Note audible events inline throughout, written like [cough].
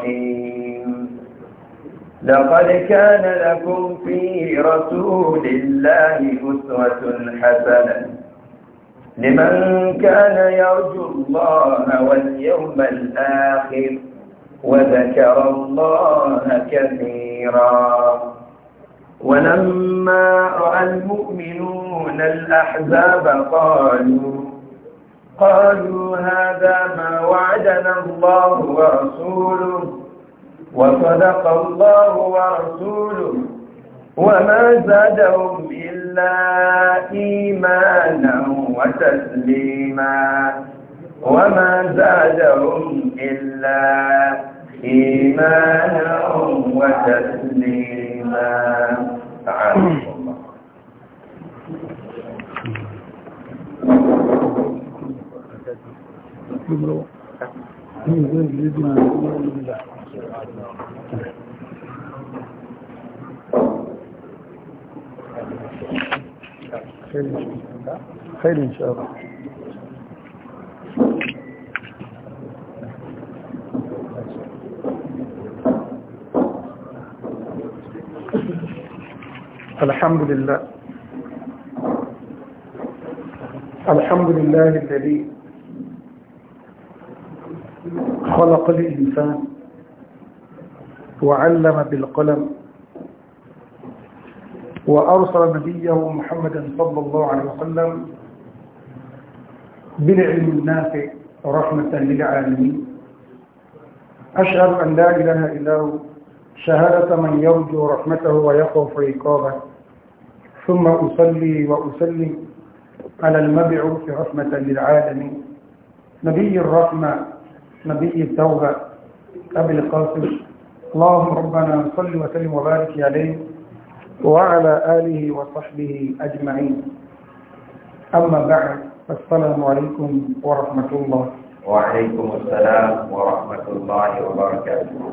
الرحيم لقد كان لكم في رسول الله أسوة حسنة لمن كان يرجو الله واليوم الآخر وذكر الله كثيرا ولما رأى المؤمنون الأحزاب قالوا قالوا هذا ما وعدنا الله ورسوله وصدق الله ورسوله وما زادهم إلا إيمانا وتسليما وما زادهم إلا إيمانا وتسليما خير ان شاء الله الحمد لله الحمد لله الذي خلق الإنسان وعلم بالقلم وأرسل نبيه محمدا صلى الله عليه وسلم بالعلم النافع رحمة للعالمين أشهد أن لا إله إلا هو شهادة من يرجو رحمته ويخوف عقابه ثم أصلي وأسلم على المبعوث رحمة للعالمين نبي الرحمة نبي التوبة أبي القاسم اللهم ربنا صل وسلم وبارك عليه وعلى آله وصحبه أجمعين أما بعد السلام عليكم ورحمة الله وعليكم السلام ورحمة الله وبركاته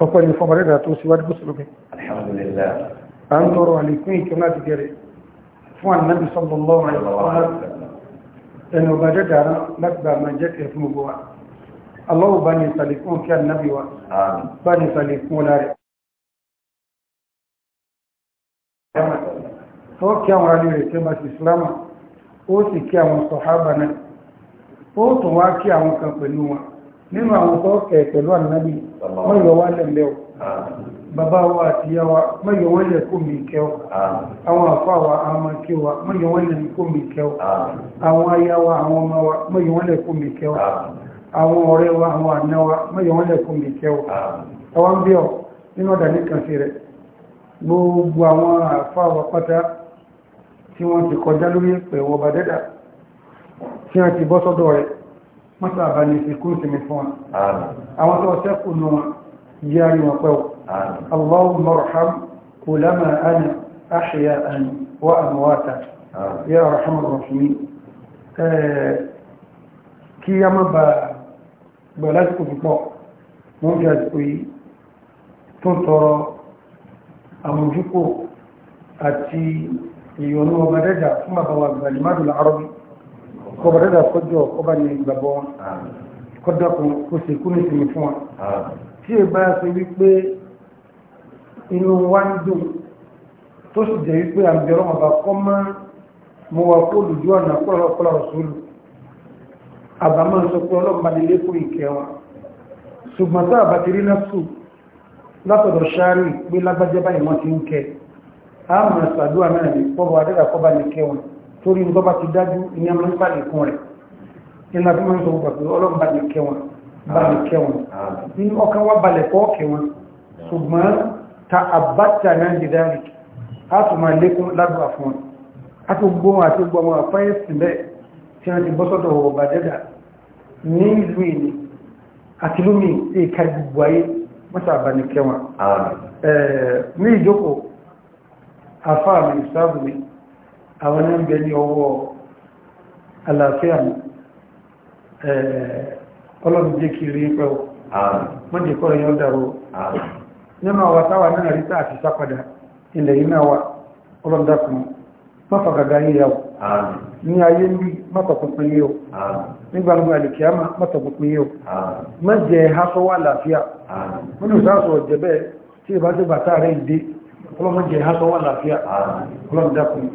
Ọ̀pọ̀ ìfọ̀n rẹ̀ rà tó síwájú Mùsùlùmí. Alhamdulillah. A ń tọrọ àlékún ìkẹ́ láti gẹ̀rẹ̀ fún ànábì sallallahu alaihi wa ẹni ọba dẹ́dà rán láti bá ma jẹ́ kẹfún gbogbo wa aláwọ̀ bá ní ìsàlẹ̀kún kí annabi wa bá ní ìsàlẹ̀kún ọlá rẹ̀ ó kí àwọn ará rẹ̀ tẹ́ bá sí islama ó sì kí àwọn sọ̀hábà náà ó tún wá kí àwọn kan pẹ̀lú wọn nínú àwọn bàbá wa àti ìyá wa mọ́yọ̀ wọ́n lè kó mi kẹ́ọ̀ àwọn àfá wa àmà kí wa mọ́yọ̀ wọ́n lè kó mi kẹ́ọ̀ àwọn aya wa àwọn ọmọ wa mọ́yọ̀ wọ́n lè kó mi kẹ́ọ̀ àwọn ọ̀rẹ́ wa àwọn àna wa mọ́yọ̀ wọ́n lè mi kẹ́ọ̀ àwọn bí ọ nínú ọ̀dà sí gbogbo àwọn pátá tí wọ́n ti kọjá lórí pẹ̀ dẹ́dà tí wọ́n ti bọ́ sọ́dọ̀ rẹ̀ اللهم ارحم علماء أنا أحياء وأمواتا يا رحم الرحمين kí a má ba gbọ́ lásìkò púpọ̀ mọ́ jẹ́ àsìkò yìí tó tọrọ àmójúkò àti ìyọnú ọba dẹ́dà fún bàbá wa gbàlìmáàdù láàárọ̀ ọba dẹ́dà kọjọ ọba ní ìgbàgbọ́ wọn kọjọ kan kó sì kú ní ìsinmi fún wa tí è bá ṣe wípé inú wa ń dùn tó sì jẹ́ wípé àbẹ̀rọ̀ ọba kọ́ mọ́ wà kó lùjú ọ̀nà pọ̀lọpọ̀lọ sólù àbámọ́ sọ pé ọlọ́pàá fún ìkẹ́ wa ṣùgbọ́n tó àbá lásù látọ̀dọ̀ ṣáárì pé báyìí wọ́n ti ń kẹ́ àmọ́ ṣàdúrà náà pọ́bọ̀ ti tààbátà náà jìdáàrí a tún máa lékún lágbà fún a tún gbóhùn àti gbọmọ àfáyẹ̀sì bẹ́ẹ̀ tí wọ́n ti bọ́ sọ́dọ̀ ọba dẹ́dà ní ìlú ìní àti lómi ìka gbogbo ayé mọ́ta àbáni kẹwàá ní ìjókòó àfáà ń bẹ ní jẹ́ kiri pẹ́wọ́ mọ́jẹ̀kọ́ nínú àwọn táwà náà rí tàà fi sápadà wa ọlọ́dàkùn mọ́fàgàgà yíya o ní ayé ní mọ́tọ̀pínpín yíò ní gbangba alìkíyàmá mọ́tọ̀pínpín yíò mẹ́jẹ hasọ wà láàfíà wọ́n ni sáàsọ̀ jẹ́bẹ́ tí ìbá tí bàtà rẹ̀ ìdé ọlọ́mọjẹ hasọ wà láàfíà ọlọ́dàkùn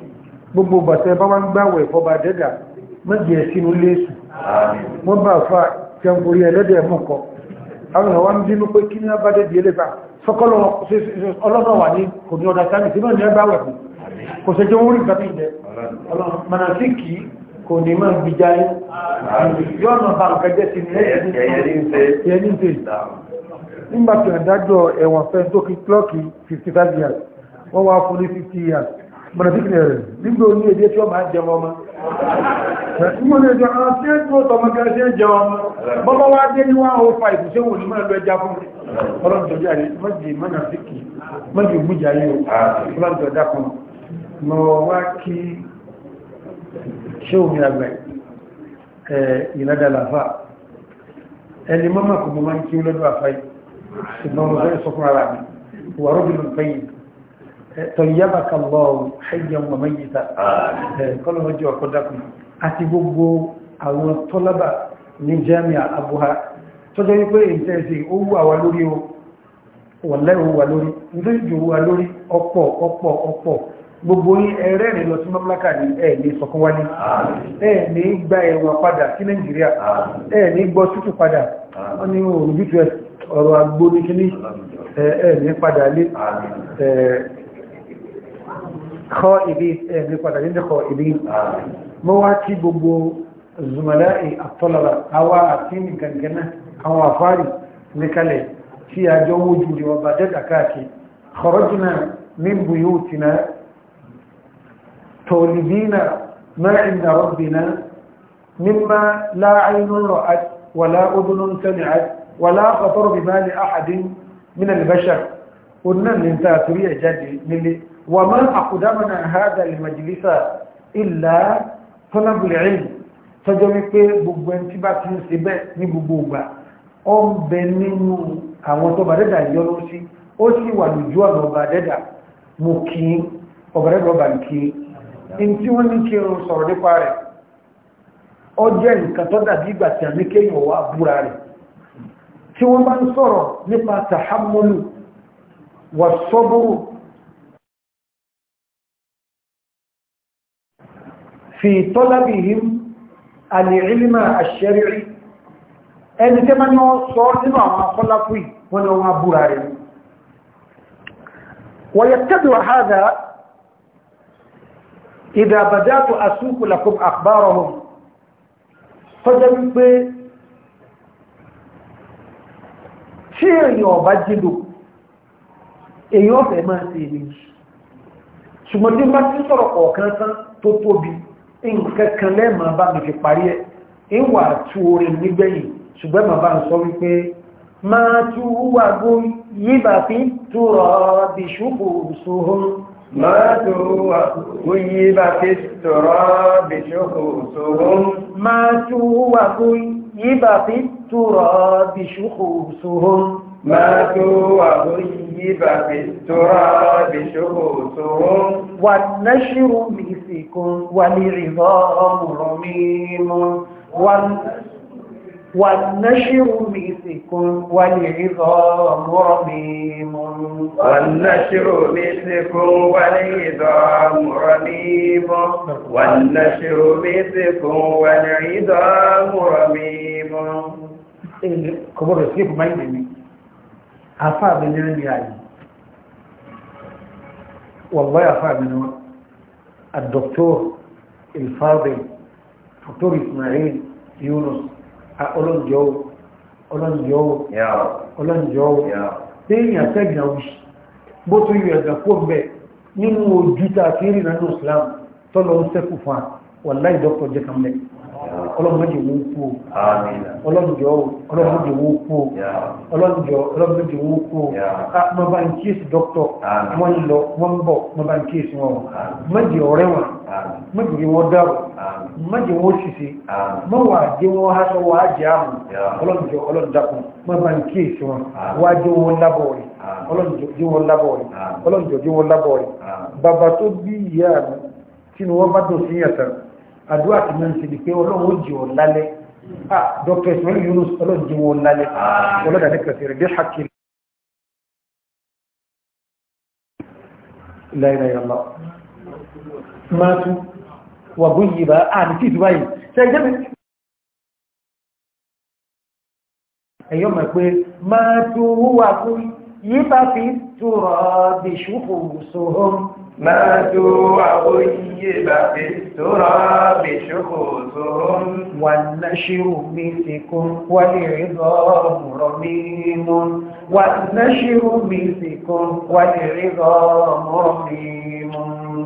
gbogbo bàtà bá wọn gbáwẹ̀ fọba sinu mẹ́jẹ sínú fa ya sọ́kọ́lọ́ ọlọ́dọ̀ wà ní kò ní ọ̀dá sáàmì tí náà ní ẹgbà wẹ̀kùn kò ṣe jẹ́ orí ìgbàtí ìjẹ́ manasíkì kò ní máa bí jáyé yọ́nà bá ń kẹjẹ́ sí ní ẹ̀yẹ́ ní ṣe nígbàtí àdájọ́ ẹ̀wọ̀n fẹ́ tó kí klọ́kì 55 years wọ́n wá fún ní 50 years manasíkì rẹ̀ nígbà oní èdè tí ó máa jẹ ọmọ Ìmọ̀ lè jọ àwọn tí ó tó tọmọkẹ́ sí ẹjọ́ bọ́bọ́ wá dé ní 105 ṣe wò ní mọ́lẹ̀ ẹjá fún ọlọ́dọ̀já rẹ̀ mọ́jì mọ́nà síkì mọ́jì gbújà yóò ọlọ́dọ̀já kan. Mọ̀ wá kí ṣe omi àgbẹ̀ ìlàdàlàfà ẹni mọ́mà kò mọ́ kí ó lọ́dọ̀ àfáì ṣùgbọ́n mo fẹ́ sọ fún ara mi wà rọ́bìnrin fẹ́yìn طيبك الله حيا وميتا كل وجه وقدكم àti gbogbo àwọn tọ́lábà ní jami'a abuha tó jẹ́ wípé ìtẹ́ẹ̀sì ó wù àwà lórí o wọ̀lẹ́ ò wà lórí nítorí jù wà lórí ọ̀pọ̀ ọ̀pọ̀ ọ̀pọ̀ gbogbo yín ẹ̀rẹ́ rẹ̀ lọ sí mamlaka ní ẹ̀ ní sọkún wálé ẹ̀ ní gba ẹ̀wọ̀n padà sí nàìjíríà ẹ̀ gbọ́ tútù padà wọ́n ní olùjútù ọ̀rọ̀ agbó ní kíní ẹ̀ padà lé kọ́ ìdí ẹ̀ padà lé ní ìdí مواكي ببو الزملاء الطلبة أو أعطين كان كنا أو أفاري لكالي في أجو وجودي وبعدد أكاكي خرجنا من بيوتنا تولدين ما عند ربنا مما لا عين رأت ولا أذن سمعت ولا خطر بمال أحد من البشر قلنا الإنتاتورية جدي وما أقدمنا هذا المجلس إلا tọ́lábùlẹ̀ ẹ̀yìn tọ́jọ́ wípé gbogbo ẹni tí bá ti ń ṣe bẹ́ẹ̀ ní gbogbo ìgbà ọ ń bẹ nínú àwọn tó bàdẹ́dà yọrọ sí ó sì wà lójú ọ̀nà ọbàdẹ́dà mo kí ọbàdẹ́dà ọba kí in tí wọ́n ní kí n sọ̀rọ̀ nípa rẹ̀ ọ jẹ́ nǹkan tó dàbí ìgbà tí àmì kéèyàn wà في طلبهم العلم الشرعي ẹni tẹ́ máa ní wọ́n sọ nínú àwọn akọ́lápù wọn ni wọ́n máa búra rẹ̀ ويتبع هذا إذا بدأت أسوق لكم أخبارهم tọ́jẹ́ wípé tí èyàn ọba jílò èyàn ọ̀fẹ́ máa ṣe èyí ṣùgbọ́n tí nǹkan kan lẹ́ẹ̀mà bá mi fi parí ẹ̀ ìwà tú orin nígbẹ̀yìn ṣùgbọ́n màá bá ń sọ wípé máa tú wàgó yíbà fi túrọ̀ bí ṣùgbò ṣòhun máa tú wàgó yíbà fi túrọ̀ bí ṣùgbò ṣòhun máa tú wàgó yíbà fi bí ṣùgbò ṣòhun máa طيب بالتراب شهوتهم والنشر مسك والعظام رميم والنشر مسك والعظام رميم والنشر مسك والعظام رميم والنشر مسك والعظام رميم كبر السيف ما يدمي afá mi ní ní ààyè wàlláhì afá mi ní wọn àdọ́kítọ́ ìfáàbẹ̀ dr ismail yunus ọlọ́njọ́ ọlọ́njọ́ ọlọ́njọ́ téèyàn fẹ́gbà wíṣì bó tó yọ ẹ̀gbà fún bẹ́ nínú ojú tààkiri nínú islam tọ́lọ ń sẹ́kù fún wàlláhì dr jẹ́ kan mẹ́rin ọlọ́mọdé wo kú o ọlọ́mọdé wo ọlọ́mọdé wo kú o ọlọ́mọdé ọlọ́mọdé wo kú o mo bá ń kíyèsí dọ́kítọ̀ wọ́n lọ wọ́n bọ̀ o mọ́jì ọ̀rẹ́ wọn mọ́jì wọn dáwọ̀ mọ́jì wọn ṣìṣe mọ́ wà dé wọn aṣọ wà á jẹ́ àmọ́ ọlọ́mọdé ọlọ́dàkùn mo bá ń kíyèsí wọn wá dé wọn lábọ̀ rẹ̀ ọlọ́mọdé dé wọn lábọ̀ bàbá tó bí ìyá mi tí wọ́n bá dùn sí yàtọ̀ àdúrà tí mọ́ sí pé ọlọ́run ó jẹ́ ọ̀lálẹ́ dr ismail yunus ọlọ́run jẹ́ wọn lálẹ́ ọlọ́dà ní kẹsìrì bí hakil láìláìlá máa tún wà bú yìí bá a ní títù báyìí ṣe jẹ́ ẹ̀yọ́ mọ̀ pé máa tún wà bú yìí bá fi túrọ̀ bí ṣùkú ماتوا وغيب في التراب شخوصهم والنشر مسك والعظام رميم والنشر مسك والعظام رميم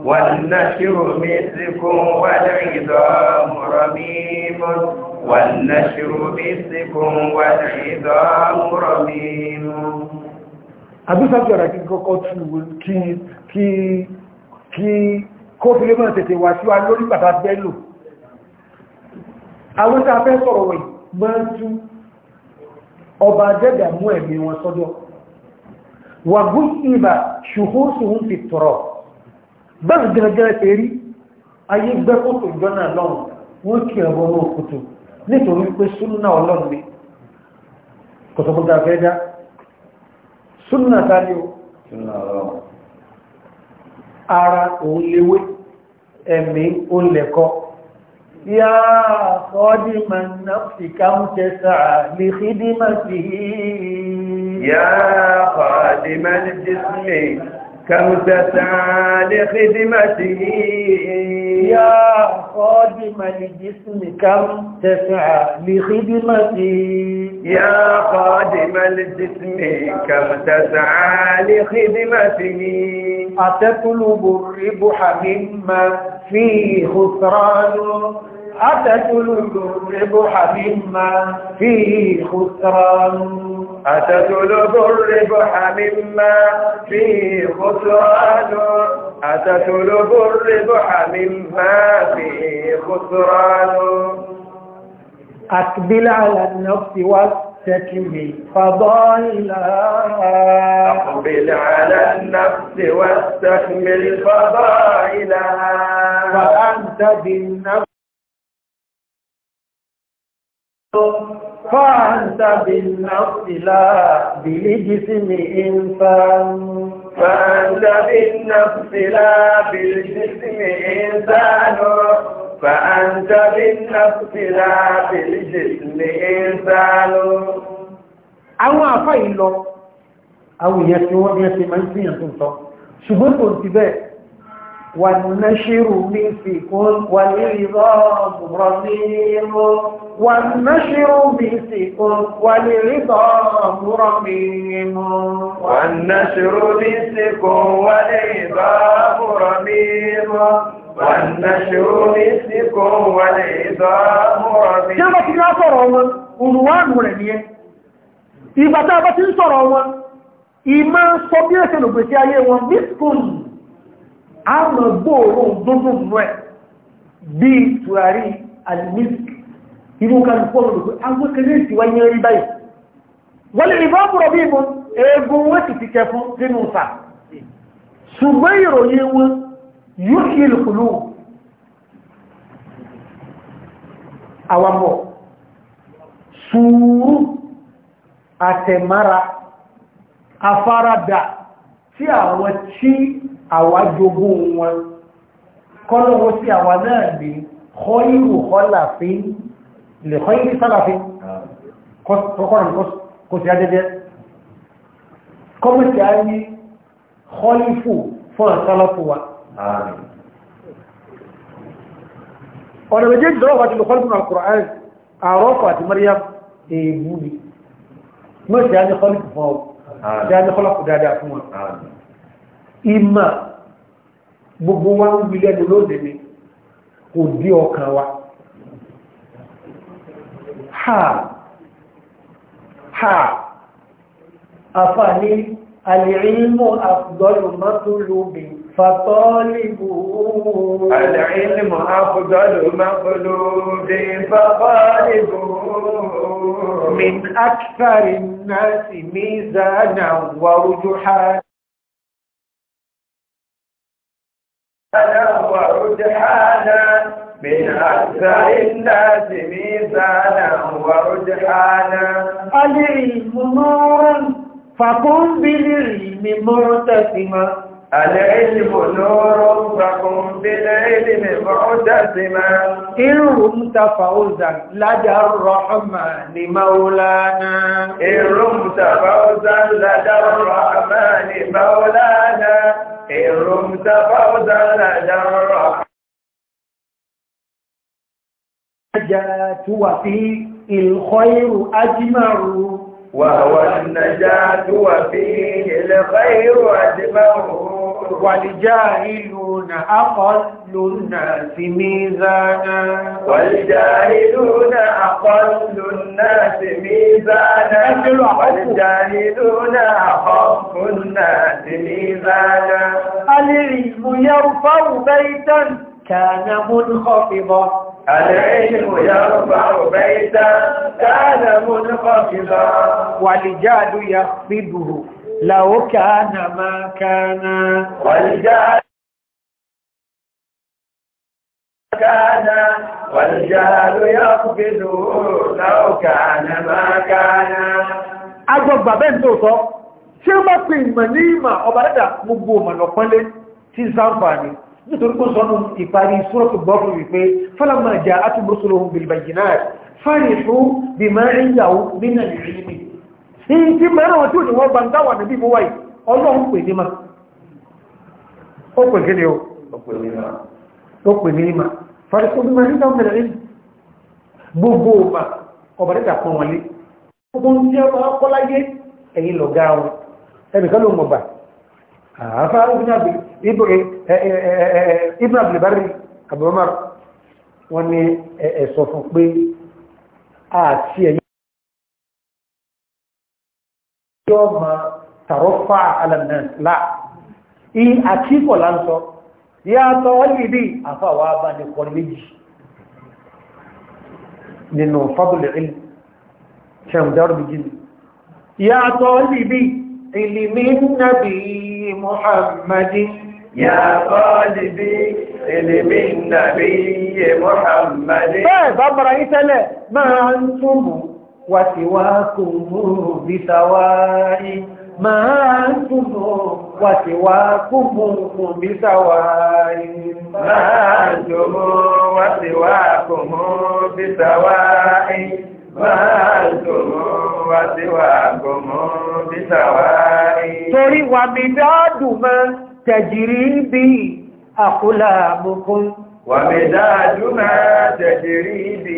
والنشر مسك والعظام رميم والنشر مسك والعظام رميم أبي فاكر أكيد كوكوتشي كي kí kófílé mọ́ tètè wà síwá lórí bàbá bẹ́lò àwọn tí a fẹ́ sọ̀rọ̀ wẹ̀ máa tú ọba jẹ́gà mú ẹ̀mí wọn sọ́dọ̀ wà gúúsìmà ṣùgbóṣùn fi tọ̀rọ̀ bẹ́ẹ̀ gẹ́gẹ́ tẹ́rí ayé gbẹ́kótò jọ́nà lọ́run wọ́n kí ẹ̀rọ òkútù nítorí pé ni kọ̀sọ̀kọ̀ta fẹ́ dá ara òun léwé ẹ̀mí òun lẹ̀kọ́ yá sọ́dí ma náfì káúnjẹ sáà lè ṣídí ma fi yá sọ́dí ma ní jísílẹ̀ كم تسعى لخدمته يا خادم الجسم كم تسعى لخدمته يا خادم الجسم كم تسعى لخدمته أتطلب الربح مما فيه خسران أتتلب الربح مما فيه خسران أتتلب الربح مما فيه خسران أتتلب الربح مما فيه خسران أقبل على النفس واستكمل فضائلها أقبل على النفس واستكمل فضائلها وأنت بالنفس فأنت بالنفس لا بالجسم إنسان فأنت بالنفس لا بالجسم إنسان فأنت بالنفس لا بالجسم إنسان àwọn àfáà ìlọ àwọn èèyàn tí wọ́n bí ẹ́ ṣe máa ń fíyàn tó ń sọ ṣùgbọ́n tó ti bẹ́ẹ̀ والنشر بسكون والعظام رميم والنشر بسكون والعظام رميم والنشر بسكون والعظام رميم والنشر بسكون والعظام رميم كما تناصر عنوان عنوان ولنيه إذا تابت انصر عنوان إما صبيرة نبسي عليه بسكون a mọ̀ gbóòórùn dúndùn rẹ̀ bí tùràrí alimisk inú kálukú ọ̀rọ̀ pé àwọn kéré ti wáyé rí báyìí wọ́n lè bá bùrọ̀ bí ìbọn eegun wọ́n ti ti kẹ fún nínú sà ṣùgbọ́n ìròyìn wọn yóò ṣe lùkùlù àwàmọ̀ sùúrù àtẹ̀mára afárádà tí àwọn tí àwájogún wọn kọ́lọ́wọ́ sí àwa náà lè kọ́ ìrù kọ́láfín lè kọ́ ìrù sálàfín kọ́kọ́rùn kò sí ajẹ́jẹ́ kọ́mọ̀tí a ní kọ́lífù fún àtàlọ́pù wa ọ̀nà méjèèjì dọ́rọ̀ wà tí lọ kọ́lífù náà kùrán àrọ́pù àti maryam èèmú mọ́ sí a ní kọ́lífù fún ọ ìmọ̀ gbogbo wa ń wí lẹ́nu lóde ni kò dí ọkàn wa ha ha àfààní àlìrímọ̀ àfùdọ́lù mọ́tòlùmí fàtọ́lìbù àlìrímọ̀ àfùdọ́lù mọ́tòlùmí fàtọ́lìbù من أكثر الناس ميزانا ورجحانا أنا ورجحانا من أكثر الناس ميزانا ورجحانا العلم نورا فقم بالعلم معتصما العلم نور فقم بالعلم معتسما إن رمت فوزا لدى الرحمن مولانا إن رمت فوزا لدى الرحمن مولانا إن رمت فوزا لدى وفي الخير أجمر وهو النجاة وفيه الخير أجمر والجاهلون أقل الناس ميزانا والجاهلون أقل الناس ميزانا والجاهلون أخف الناس ميزانا العلم يرفع بيتا كان منخفضا العلم يرفع بيتا كان منخفضا والجاد يخفضه لو كان ما كان والجاد كان والجهل يقبض لو كان ما كان agbọ̀gbà bẹ́ẹ̀ tó sọ tí ó bá pè ìmọ̀ ní ìmọ̀ ọba dẹ́dà gbogbo ọmọ̀nà pẹ́lẹ́ tí sáǹfààní nítorí kó sọ́nà ìparí sọ́rọ̀tù gbọ́fún wípé fọ́lọ́mà jẹ́ atúbùsùlùhùn bilbajináà fàríṣù bí máa ń yàwó nínà ìrìnlẹ̀ ìyí tí mẹ́rin wọn tí ò ní wọ́n gbàndáwà níbi mú wáyìí ọlọ́run pè ní ma fàríkó bí máa nígbà mẹ́rẹ̀ rí gbogbo ọba ọba nígbà pọ̀ wọn lé gbogbo ń jẹ́ ọba ọkọ́láyé ẹ̀yìn lọ̀gá wọn ẹnìkan ló mọ̀gbà àáfà ibùn abdulbari abdulmar wọn ni ẹ̀sọ̀ fún pé àti ẹ̀yìn yọ́ ma tàrọ́fà alàmì náà láà àti ìkọ̀lá ń ya talibi afa wa ba ni kọrin méjì nínú fadul ilm ṣeun dárùbí jini ya talibi ilimin nabi muhammadin ya talibi ilimin nabi muhammadin bẹ́ẹ̀ bá mara yí tẹ́lẹ̀ máa ń túnmù wàtíwá mú bí sàwárí máa ń túnmù وسواكم بسواء ما أنتم وسواكم بسواء Torí wà mí dáàdù mọ́ tẹ̀jìrí bí àkúlà mùkún. Wà mí dáàdù mọ́ tẹ̀jìrí bí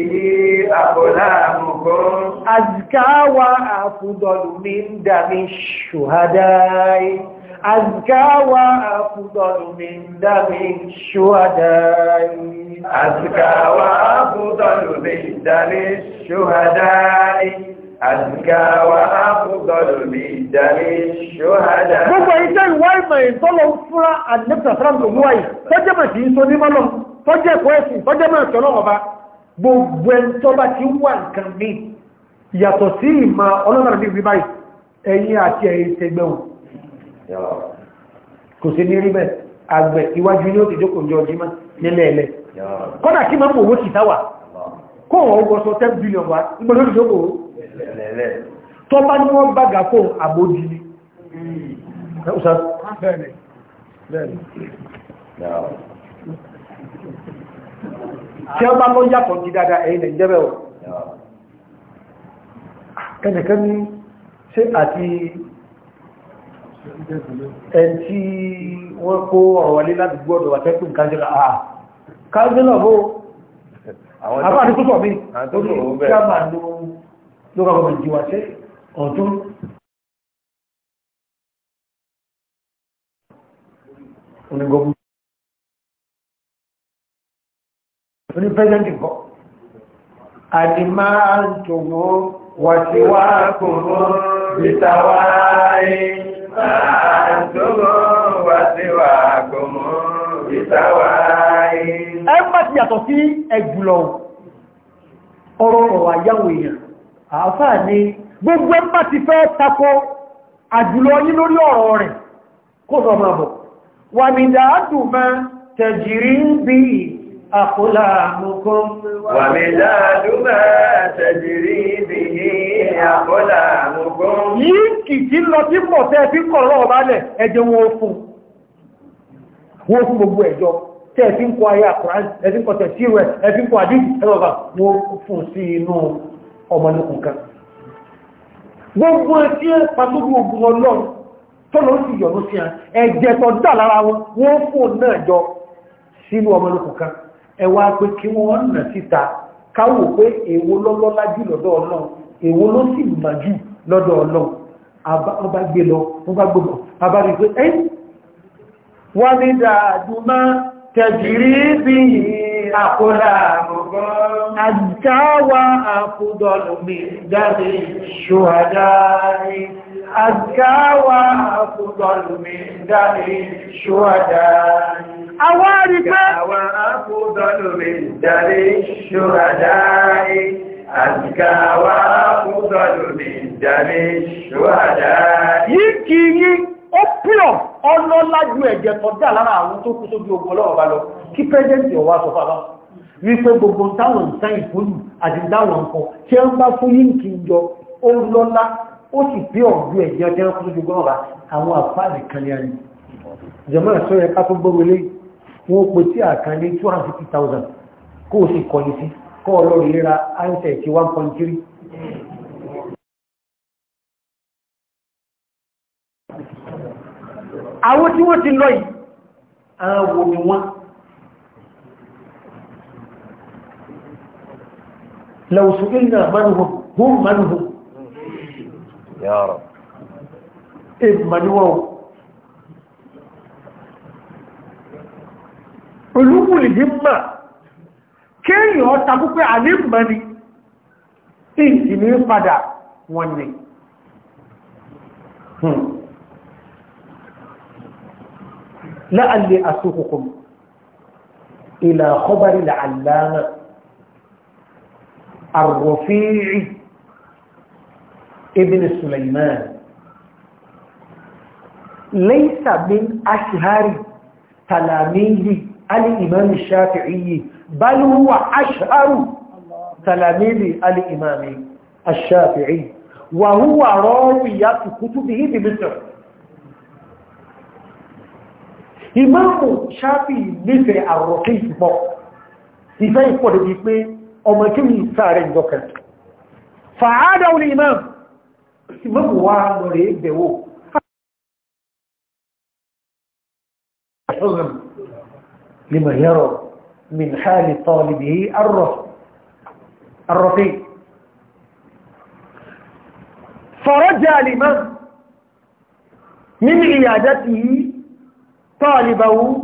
àkúlà mùkún. Àzìkáwà àfúdọ̀lù mi ń dàmí ṣùhádáì. أزكى وأفضل من دم الشهداء أزكى وأفضل من دم الشهداء Àdìká wa ápùdọ̀lù mi ìdàrí ṣóhádà. Gbogbo iṣẹ́ ìwá ìmọ̀ ìtọ́lọ fúnra àdínẹ́pẹ̀ Frank Olúwàyí, tọ́jẹ́ mọ̀ sí ìṣò nímọ́lọ̀, tọ́jẹ́ ẹ̀kọ́ ẹ̀sìn, tọ́jẹ́ mọ̀ ìṣọ́lọ́ ọba, gbogbo ẹn ti wà nǹkan mi, yàtọ̀ sí ìmọ̀ ọlọ́nà kò sí ní rí bẹ́ẹ̀ àgbẹ̀ iwájú ní ó ti jókòó jọ jímá nílẹ̀ ẹ̀lẹ̀ kọ́nà kí máa mọ̀wó kì táwà kó wọ́n wọ́n sọ 10 billion wá ìgbẹ̀lẹ́ ó ti jókòó tó bá ní wọ́n bàgà fún àbójì ni hmm. tí ó bá lọ yàtọ̀ jí dáadáa ẹ̀yìn nàìjẹ́bẹ̀ ọ̀ ẹnìkan ní ṣe àti ẹn tí wọ́n kó ọ̀rọ̀ wọlé láti gbọ́ ọ̀dọ̀ wàtẹ́kùn kájẹ́lá àà kájẹ́lá bó àbá àti púpọ̀ mi lórí kíámà ló lórí àwọn ìjìwàṣẹ́ ọ̀tún onígbọ́gbù oní pẹ́sẹ̀ntì kọ́ àdìmá tòwó wàtíwá kòrò ìtawáyé Ẹgbà ti yàtọ̀ sí ẹgbùlọ ọ̀rọ̀ ọ̀rọ̀ àyáwò èèyàn. Àáfà ní gbogbo ẹgbà ti fẹ́ tako àjùlọ yí lórí ọ̀rọ̀ rẹ̀ kó sọ máa bọ̀. Wà ní dáadùn máa tẹ̀jìrí bí i أقلامكم ومداد ما تجري به أقلامكم yíkì tí lọ tí pọ̀ tẹ́ fi kọ̀rọ̀ ọ̀bálẹ̀ ẹjẹ́ wọn fún wọ́n fún gbogbo ẹjọ́ tẹ́ fi ń kọ ayé àkùrán ẹ̀fí ń kọ tẹ̀sí rẹ̀ ẹ̀fí ń kọ àdíjì ẹwọ̀bà wọ́n fún sí inú ọmọlẹ́kùn kan gbogbo ẹ̀tí pàtóbi ogun ọlọ́run tọ́lọ́ sì yọ̀nú sí ẹ̀jẹ̀ tọ́ dà lára wọn wọ́n fún náà jọ sínú ọmọlẹ́kùn kan ẹwà pé kí wọ́n nà síta káwò pé èwo lọ́lọ́lá jù lọ́dọ̀ ọlọ́run èwo ló sì mà jù lọ́dọ̀ ọlọ́run wọ́n bá gbé lọ wọ́n bá gbé rí pé ẹ́ wọ́n ní dàdùmá tẹ̀jìrí bíi أقلامهم أزكى وأفضل من ذبح الشهداء أزكى وأفضل من ذبح الشهداء أوارث وأفضل من ذبح الشهداء أزكى وأفضل من ذبح الشهداء يكي ó pure ọlọ́lájú ẹ̀jẹ̀ tọ́jà lára àwọn tó kú sójú ogun ọlọ́ọ̀bá lọ kí pẹ́jẹ́ntì ọwá sọ fà báwọn wípé gbogbo táwọn ìta ìfòlù àti dáwọn nǹkan tí ó ń bá fún yí kí n jọ ó lọ́lá ó sì pé ọ̀dọ́ ẹ̀jẹ́ ọjọ́ ẹ̀kọ́ tó jogún ọ̀rá àwọn àfáàdì kan ní ẹni jẹ̀mọ́ ẹ̀sọ́ yẹ ká tó gbọ́rọ̀ lé wọn pe tí àkan ní 250,000 kó o sì kọ̀yìn sí kọ́ ọlọ́rọ̀ ìlera áńsẹ̀ ti 1.3 àwọn tí wọ́n ti lọ yìí àwọn ni wọ́n لو سئلنا من هم هم من هم يا رب إمنوا علوم الهمة كي في يتبقى عن إمني إنتني قدع واني لألي أسوقكم إلى خبر العلامة الرفيع ابن سليمان ليس من أشهر تلاميذ الإمام الشافعي بل هو أشهر تلاميذ الإمام الشافعي وهو راوية كتبه بمصر إمام الشافعي نفع الرقيق بو ìfẹ́ ìpọ̀dé bíi او مكمي سارين دوكا فعادوا الامام مغوا مري بهو حزن لما يرى من حال طالبه الرفي الرفي فرجع الامام من عيادته طالبه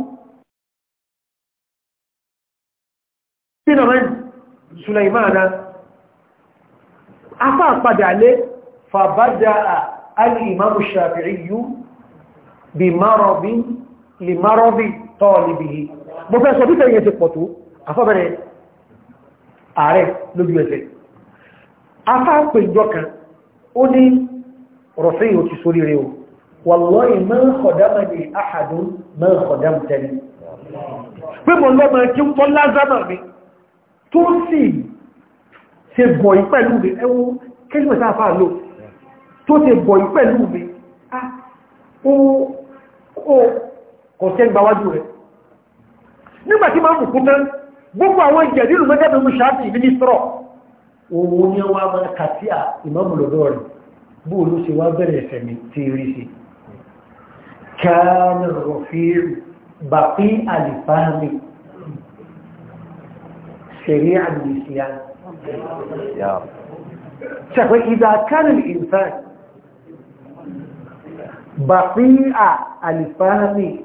sùlẹ̀mánà afá padà lé fàbádà alìmọ́mù ṣàfihì yú bí márọ̀bí lè márọ̀bí tọ́ọ̀lìbì yìí mo fẹ́ sọ títẹ̀ yẹn ti pọ̀ tó afọ́bẹ̀rẹ̀ ààrẹ lójú ẹsẹ̀ afá pè jọ kan ó ní rọ̀fẹ́ yóò ti sórí rẹ̀ o wàlọ́yìn mẹ́rin kọ̀dámà ní àhàdùn mẹ́rin kọ̀dámà tẹ́lẹ̀ pé mo kí ń tọ́ lázàmà mi tó sì ṣe bọ̀yí pẹ̀lú mi ẹwọ kẹ́lùmẹ̀ sáfà lò tó ṣe bọ̀yí pẹ̀lú mi ó kọ̀ṣẹ́ gbáwájú rẹ̀ nígbàtí máa mú kútán gbogbo àwọn ìjẹ̀dínlù mẹ́jẹ́bẹ̀ mú ṣáàtì ìbí ní sọ́rọ̀ òun ni wọ́n máa kàtíà ìmọ́mù lọ́dọ́ rẹ̀ bó ló ṣe wá bẹ̀rẹ̀ ẹ̀fẹ̀ mi ti rí sí kánà rọ̀fíìrù bàfí àlìfáàmì سريع النسيان يا رب إذا كان الإنسان بطيء الفهم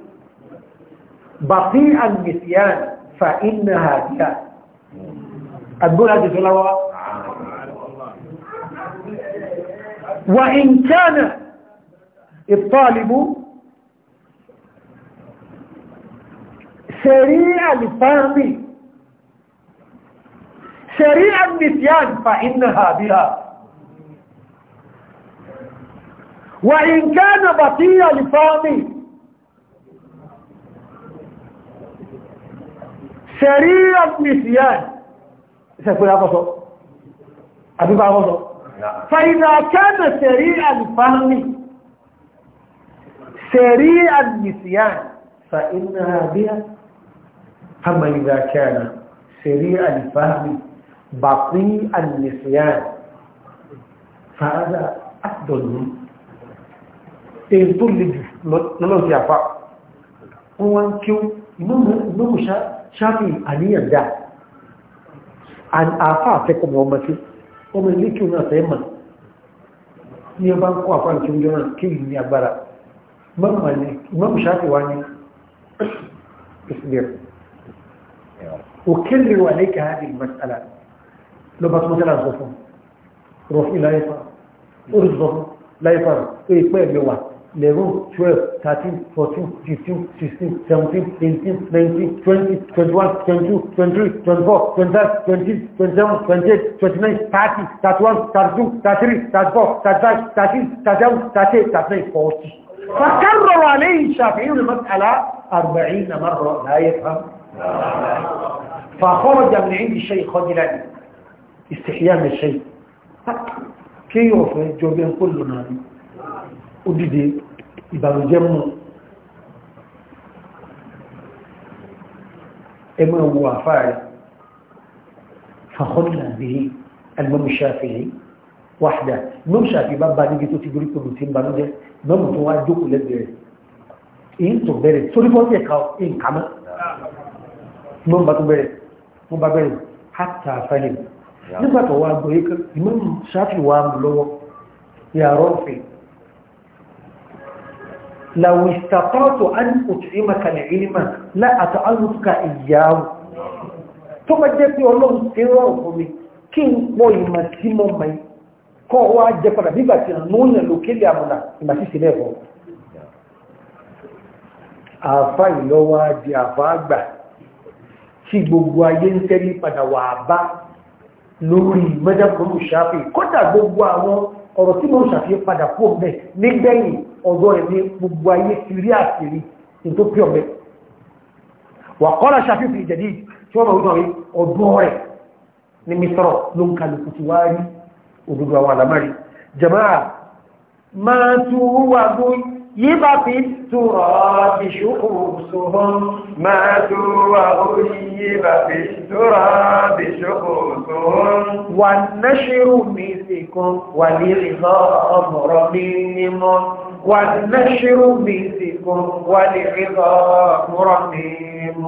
بطيء النسيان فإنها هادئة أقول هذه الصلوات وإن كان الطالب سريع الفهم شريع النسيان فإنها بها وإن كان بطيئا لفاضي سريع النسيان سيقول هذا صوت أبي بقى صوت نعم. فإذا كان سريع الفهم سريع النسيان فإنها بها أما إذا كان سريع الفهم بطيء النسيان فهذا أفضل إن طلج نلوز يعفع هو كيو إمام شافي أنيا دا أن أعفع فيكم ومتي ومن لكي نتيما ni ba ko afan kin jona kin ni agbára mamma ni imam shafi wani isbir ukirru alayka hadhihi ló bá tó mọ́sálà sọ fún rọ̀fí láyéfà orí sọ fún láyéfà tó ìpẹ́ ẹ̀mẹ́wà lẹ́rọ 12 13 14 15 16 17 18 19 20 21 22 23 24 25 26 27 28 29 30 31 32 33 34 35 36 37 38 39 40 فكرر عليه الشافعي المسألة 40 مرة لا يفهم فخرج من عند الشيخ خجلا ìsìnkú mẹ́ṣẹ́ kí yóò fẹ́ jọgbẹ́ ń kó lò náà rí ó dìde ìbàlùjẹ́ mú ẹmọ́ ewu àfáàrí fàkọ́nà bí alimọ́mù Ṣáfi'í wáhdà mọ́mù Ṣáfi'í bá bá níbi tó ti gorí pẹ̀lú tí ń banújẹ́ mọ́mù tó wá jókòó lẹ́gbẹ̀ẹ́ èyí tó bẹ̀rẹ̀ sórí bọ́ọ̀tì ẹ̀ka ìkàmọ́ mọ́mù bá tó bẹ̀rẹ̀ mọ́mù bá bẹ̀rẹ̀ hátà fẹ́lẹ̀ nígbà tó wá gbọ́ yíká ìmọ̀ ṣáfì wà mú lọ́wọ́ yàrá ọ̀fẹ́ làwìsítàtọ́tò án òtùrímà kalẹ̀ ìlímà láàtọ̀ alùpùkà ìyáwó tó bá jẹ́ pé ọlọ́run ti rọrùn fún mi kí n pọ̀ ìmọ̀ sí mọ́ mọ́ kọ́ wá jẹ́ padà nígbà àfá ìlọ́wọ́ di àfá àgbà tí gbogbo ayé ń tẹ́lé padà wà bá lórí mẹ́jọ́kùnrin ìṣàfi kọ́dà gbogbo àwọn ọ̀rọ̀ tí mọ́ ìṣàfi padà kú ọ̀bẹ̀ nígbẹ̀yìn ọ̀dọ́ ẹ̀mí gbogbo ayé ti rí àṣírí ní tó pí ọ̀bẹ̀ wà kọ́lá ṣàfi fi ìjẹ̀dí tí wọ́n mọ̀ rí ọdún rẹ̀ ní mísọ̀rọ̀ ló ń kalùkù ti wá rí òdodo àwọn àlámọ́rí jẹ̀máà máa tún wúwà lóyún يبقى في التراب شخوصهم ماتوا وغيب في التراب شخوصهم والنشر ميزكم والعظام رميم والنشر ميزكم والعظام رميم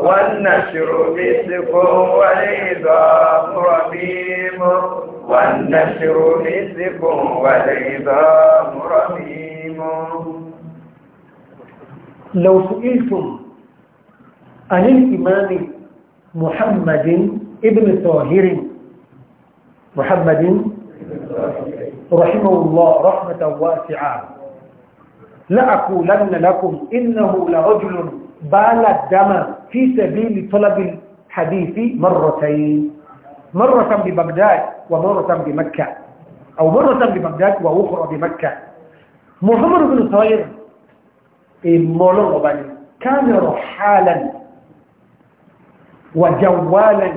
والنشر ميزكم والعظام رميم والنشر ميزكم والعظام رميم الإمام لو سئلتم عن الإمام محمد ابن طاهر محمد رحمه الله رحمة واسعة لأقولن لكم إنه لرجل بال الدم في سبيل طلب الحديث مرتين مرة ببغداد ومرة بمكة أو مرة ببغداد وأخرى بمكة muhammadu bin sọ́yìn ìmọ̀lọ́ ọba ni kánàrọ̀ hálàn wàjàwálàn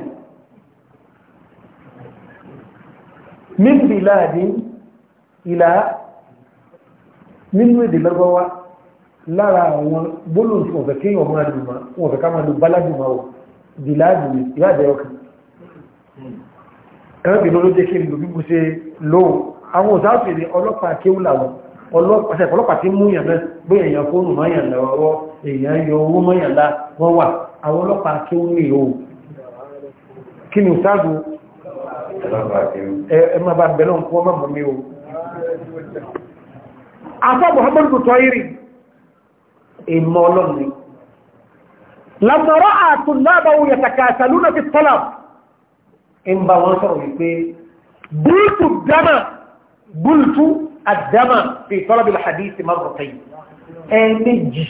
min biladin ila nínú èdè lọ́gbọ́wá lára àwọn gbólóhùn tí wọ́n fẹ́ kí wọ́n máa dùnmá wọ́n fẹ́ ká máa lù báládùnmá wọ̀ bìláàdù ìrájẹ́ ọkàn ẹ̀rọ ìlú ló jẹ́ kí ìlú gbígbú ṣe lóhùn àwọn òsáàfèrè ọlọ́pàá kéwù làwọn ọlọ́pàá tí mú yàn náà bí èèyàn fóònù mọ́yàn lọ́wọ́ èèyàn yọ owó mọ́yàn lá wọ́n wà àwọn ọlọ́pàá kí ó ní o kí ni òtáàdù ẹ má bá bẹ̀rẹ̀ ń kọ́ mọ́ mi o afọ́ muhammadu tó yìí ìmọ̀ ọlọ́mí lọ́mọ̀rọ̀ الدم في طلب الحديث مرتين ẹ̀ẹ́mẹ́jì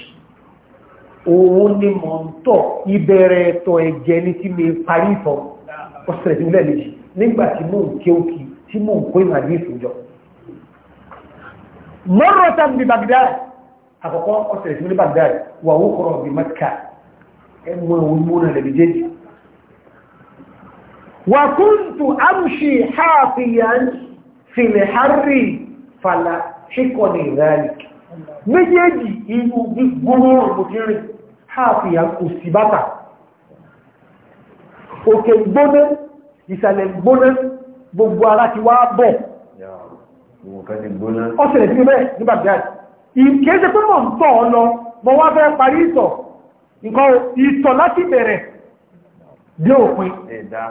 òun ni mọ̀ ń tọ̀ ìbẹ̀rẹ̀ ẹ̀tọ̀ ẹ̀jẹ́ ní tí mi parí ìtọ̀ ọ̀sẹ̀rẹ̀ tí ó lẹ́lẹ́jì nígbàtí mò ń ké òkì tí mò ń kó ìmàdí ìfòjọ́ mọ́rọ̀ta bí Baghdad àkọ́kọ́ ọ̀sẹ̀rẹ̀ tí ó ní Baghdad wà ó kọ́rọ̀ bí Mẹ́kà ẹ̀mọ́ òun fàlà ṣíkọ̀ ní ìrẹ́lì méjèèjì inú gbígbóòrùn kò tí rìn háàfìyà kò sí bátà òkè gbóná ìsàlẹ̀ gbóná gbogbo ara ti wá bọ̀ ọ̀sẹ̀lẹ̀ tí bẹ́ẹ̀ ní bagdad ìkéèsẹ̀ pé mọ̀ ń tọ́ ọ lọ mọ́ wá fẹ́ parí ìtọ̀ nǹkan ìtọ̀ láti bẹ̀rẹ̀ dé òpin ẹ̀dá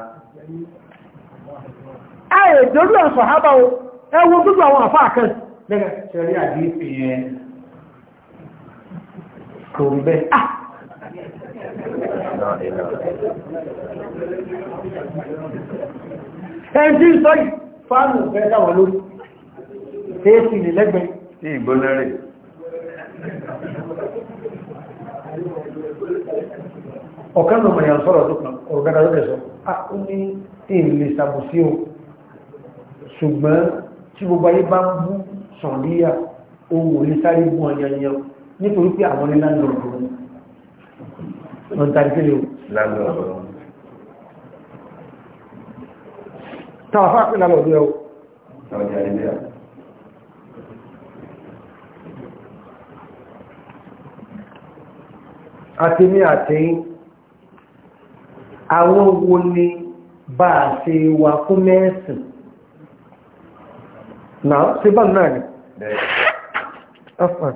àìdórí ọ̀sọ̀ hábà o ẹwọ gbogbo àwọn àfáà kan lẹ́gbẹ̀ ṣẹ̀rí àdífì yẹn kò bẹ́ ah ẹ̀jí sọ́yì fánù fẹ́ dáwọn lórí tẹ́ẹ̀sì ní lẹ́gbẹ̀ ní ìgbónárẹ̀ ọ̀kan lọ́mọ̀ yàn sọ́rọ̀ tó kàn ọ̀rọ̀gára lọ́dẹ̀ sọ ah ó ní ìlè sàbòsí o ṣùgbọ́n tí gbogbo ayé bá ń bú sọ̀ríyà ohun òní sáré bú ọyanyan nítorí pé àwọn ní láńlọ́ọ̀dù wọn tàbí kí ni o láńlọ́ọ̀dù wọn tàwọn fáà ní ni bá a ṣe fún mẹ́sìn na sai ban na ne afan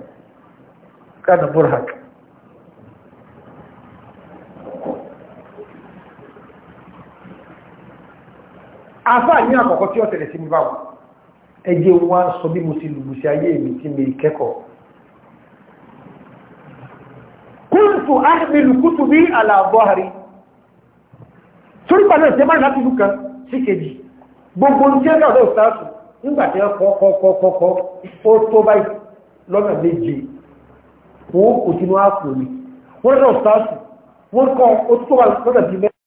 kada burhak àfáà ní àkọ́kọ́ tí ó tẹ̀lẹ̀ sí mi báwọn ẹgbẹ́ wa sọ bí mo ti lùgbù sí ayé mi tí mi kẹ́kọ̀ọ́ kúrùtù ahmilu kutubi ala dhahri torípa náà tẹ́ bá láti lùkan sí kejì gbogbo ní ẹgbẹ́ ọ̀dọ́ ìsáàtù nígbàtí ẹ kọ́ kọ́ kọ́ kọ́ kọ́ ó tó báyìí lọ́nà méje wọ́n kò sínú àpò ni wọ́n lọ sáàtù wọ́n kọ́ ó tó wà lọ́nà bí mẹ́rin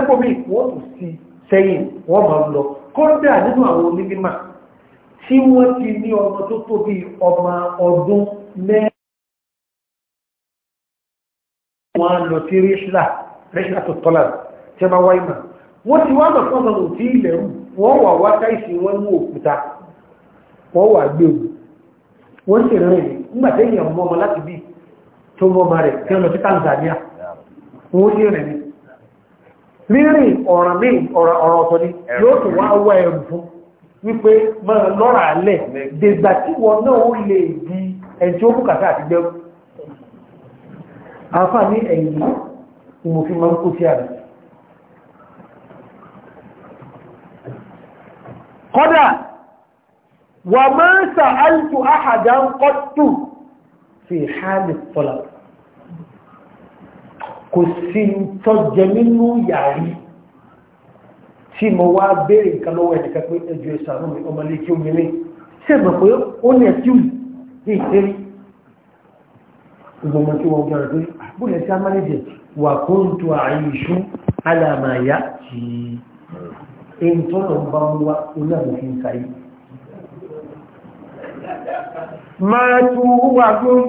ẹgbọ́n mi wọ́n kò sí sẹ́yìn wọ́n máa lọ kọ́ńdà nínú àwọn onímọ̀ tí wọ́n ti ní ọmọ tó tó bí ọmọ ọdún mẹ́rin wọ́n lọ sí ríṣìlá ríṣìlá tó tọ́lá tí wọ́n wáyé máa wọ́n ti wá mọ̀kán kan mọ̀ ilẹ̀ wọ́n wà wá táìsì wọ́n mú òkúta wọ́n wà gbé wọ́n mọ́ ọmọ láti bí tó mọ́ ma rẹ̀ tí ọ lọ sí Tanzania wọ́n sì rẹ̀ ní rìn ọ̀ràn ọ̀rọ̀ ọ̀tọ̀ kọ́dà wà máa ń sàálùtù àhàdà ń kọ́tù fi hálì fọ́lá kò sí tọ́jẹ nínú yàrí tí mo wá béèrè nǹkan lọ́wọ́ ẹ̀dẹ̀kẹ́ pé ẹjọ́ ìsànú mi ọmọlé kí omi rí ṣe mọ̀ pé ó ní ẹ̀kí ní ìtẹ́rí gbogbo tí wọ́n gbọ́nà pé àbúlẹ̀ sí amánẹ́jẹ̀ wà kó ń tó àyíṣú alàmàyà yìí èyí tó lọ bá ń wá onáàbòfin káyé máa tu wà gún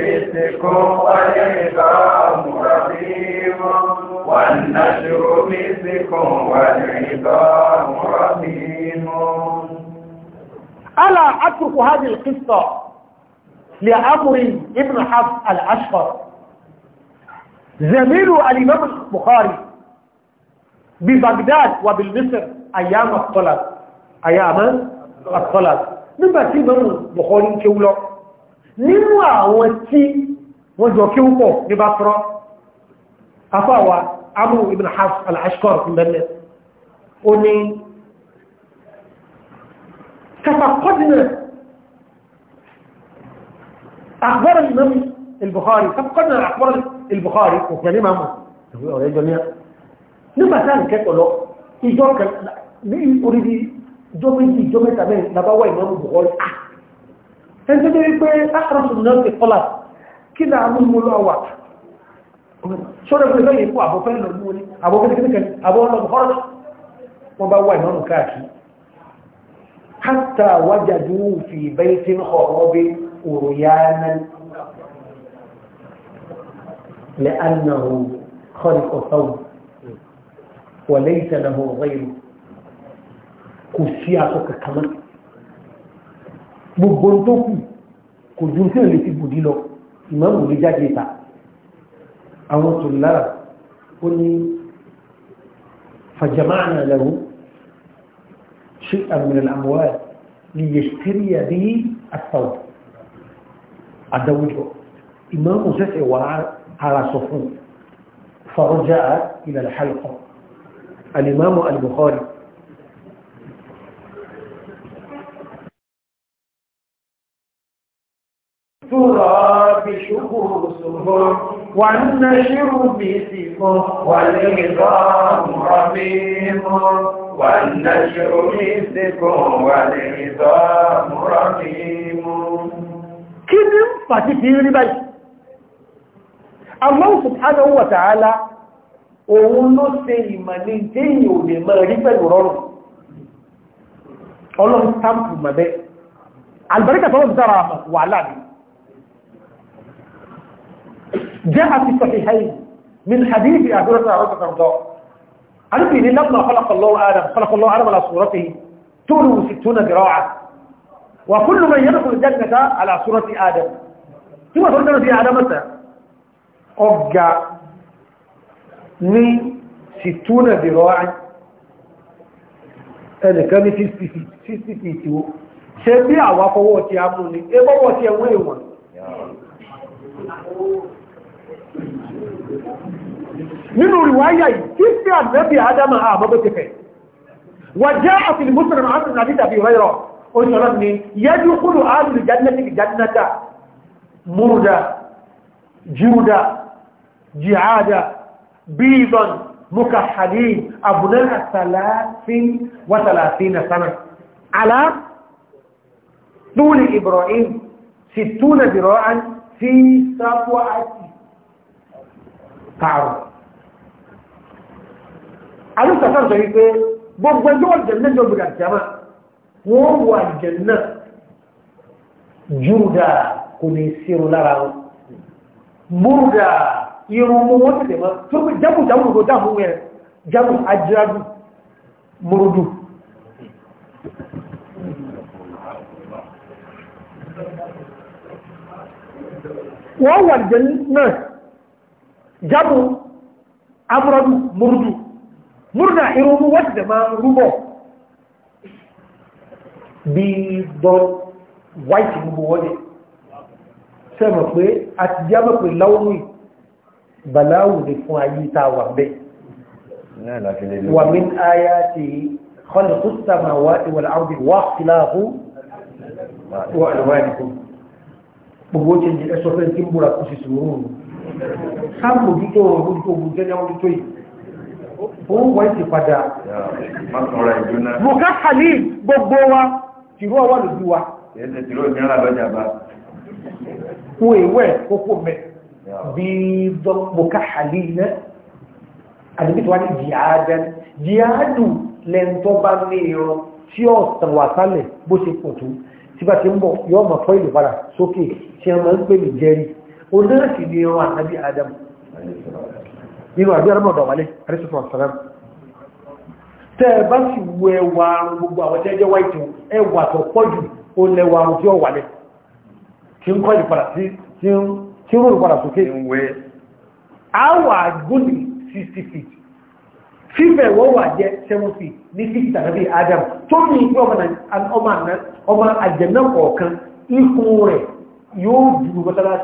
مثلكم والعظام رقيم والنشر مثلكم والعظام رقيم ألا أترك هذه القصة لأمر ابن حفص الأشهر زميله الإمام البخاري ببغداد وبالمصر أيام الطلب أيام الطلب نبا تي مرو بخاري كيولا نموا وتي وجو كيوكو نبا فرا أفاوا أبو ابن حفص العشقر من بلد أني تفقدنا أخبار الإمام البخاري تفقدنا أخبار الإمام Bukhari kò pẹ̀lú ìmáàmù ìwé ọ̀rẹ́ ìjọ ní nígbà tá à ń kẹ́kọ̀ọ́ lọ ìjọ ní oríbi ìjọ méjì ìjọ mẹ́ta mẹ́rin bàbá wà ìmáàmù Bukhari ah! ẹni tó dé wípé akọ̀rọ̀sùn ah, náà ti kọ́lá kí náà mú mú lọ wà sọ́dọ̀ pé lọ́yìn ikú àbọ̀fẹ́ lọ mú ní àbọ̀kẹ́kẹ́kẹ́ àbọ̀ لأنه خلق ثوب وليس له غيره كوشيا سوك كمان بوبونتو كوجونتو اللي في بوديلو إمام بوليجا جيتا أو طلاب قلني فجمعنا له شيئا من الأموال ليشتري به الثوب أدوجه إمام وزاته وعاد ara sọ fún farujá ila al-halqa al-imamu al-bukhari ترى بشهوسهم والنشر بسهم والعظام رميم والنشر بسهم والعظام رميم kí ni pàtí fi rí báyìí Allah subhanahu wa ta'ala òun ló ṣe ìmọ̀ ní déyìn lè mọ́ rí pẹ̀lú rọrùn ọlọ́run mẹ́bẹ́ albarika tó ń dára wà láàrin جاء في الصحيحين من حديث أبي هريرة رضي الله عنه أن لما خلق الله آدم خلق الله آدم على صورته طوله 60 ذراعا وكل من يدخل الجنة على صورة آدم ثم في ọgá ní situna dìrọ́ ẹnìkan ní 60 feet wo ṣe bí àwa fọwọ́ ti a mú ní ẹgbọ́wọ́ ti ẹ̀wọ́n ìwọ̀n nínú ríwáyà yìí tí sí àdínẹ́bì adama àmọ́bọ́ ti fẹ̀ wà jẹ́ àfihàn mùsùlùmí àti nàbí tàbí rẹ́rọ oṣùlọ́ ni yẹ́jú kúrò ààrùn ìjánẹ́tì ìjánẹ́ta múrùdá جعادا بيضا مكحلين أبناء ثلاث وثلاثين سنة على طول إبراهيم ستون ذراعا في سبعة تعرض àlú sàtàn sọ wípé gbogbo ẹjọ́ ìjẹ̀lẹ́ jọ gbogbo àjẹ́mà wọ́n wà ìjẹ̀lẹ́ jùúdà kò ní sírò lára wọn múrùdà irun mú wọ́n tẹ̀lẹ̀ mọ́ tó pé jẹ́mù jẹ́mù ló dáàmú rẹ̀ jẹ́mù ajírádù múrùdù wọ́n wà jẹ́ náà jẹ́mù amúrádù múrùdù múrùdà irun mú wọ́n tẹ̀lẹ̀ mọ́ rúbọ̀ bí dọ́n white gbogbo wọ́n dẹ̀ sẹ́mọ̀ pé àti jẹ́mọ̀ pé láwọn mú ì bàláwù ni fún ayé tá wà bẹ́ẹ̀ wà mí ayá ti kọlùkú sàmà wá ìwọ̀n àwùjọ wà fìlàfú wà lọ́wọ́ gbogbo ṣe jẹ ẹsọ fẹ́ tí ń búra kú sí sùúrù sáàmù dútó orúkọ ògùnjẹ́ ní ọdún tó yìí òun wọ́n ti padà mọ̀ká kàlí gbogbo wa tìrú ọwọ́ lójú wa ẹ̀ẹ́sẹ̀ tìrú kókó mẹ́ bí dọ́pọ̀ká halina àdìbí tó wá ní jihadán jihadu lẹ́ntọ́ bá ní ẹ̀rọ tí ó tàn wà sálẹ̀ bó ṣe pọ̀ tó tí bá ti ń bọ̀ yọ́ ma fọ́ ìlú padà sókè tí a máa ń pè ní jẹ́rí adam nínú àbí ọlọ́mọ ọ̀dọ̀ wálé àrísùfọ̀ sàlám tẹ́ ẹ bá sì wo ẹwà àrùn gbogbo àwọn tẹ́jọ́ wáìtì ẹwà tó pọ̀ jù tí ń kọ́ ìpadà tí ń tí ó rò padà sókè àwà gúnlì 60 feet fífẹ̀ wọ́n wà jẹ́ 7 feet ní fífẹ̀ tàbí adam tó ní ìpín ọmọ àjẹ̀mẹ́ kọ̀ọ̀kan ikun rẹ̀ yóò jùlọ lọ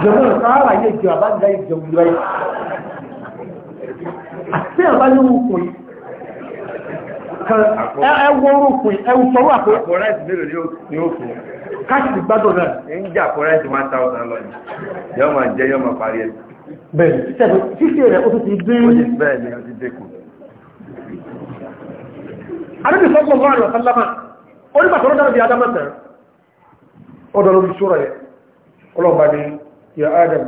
jẹmọ́ sáàrà yẹ jẹ àbájá ìjẹun lọ́yẹ àti àbájá òkùn ẹwọ́ òkùn ẹwù sọ́rọ̀ àpò káàkiri gbádùn náà ń jà fún ráìsì 1000 lọ́yìn yọ́ máa jẹ́ yọ́ máa parí ẹ̀ bẹ́ẹ̀ sẹ́gbẹ̀ títí rẹ̀ ó tó ti gbé bẹ́ẹ̀ ni ó ti dẹ́kù àdúgbì sọ́gbọ̀n wà lọ sálámà onígbàtọ̀ lọ́dọ̀ bí adama tẹ̀ ọdọ̀ lórí ṣúrọ̀ yẹ ọlọ́ba ni ya adam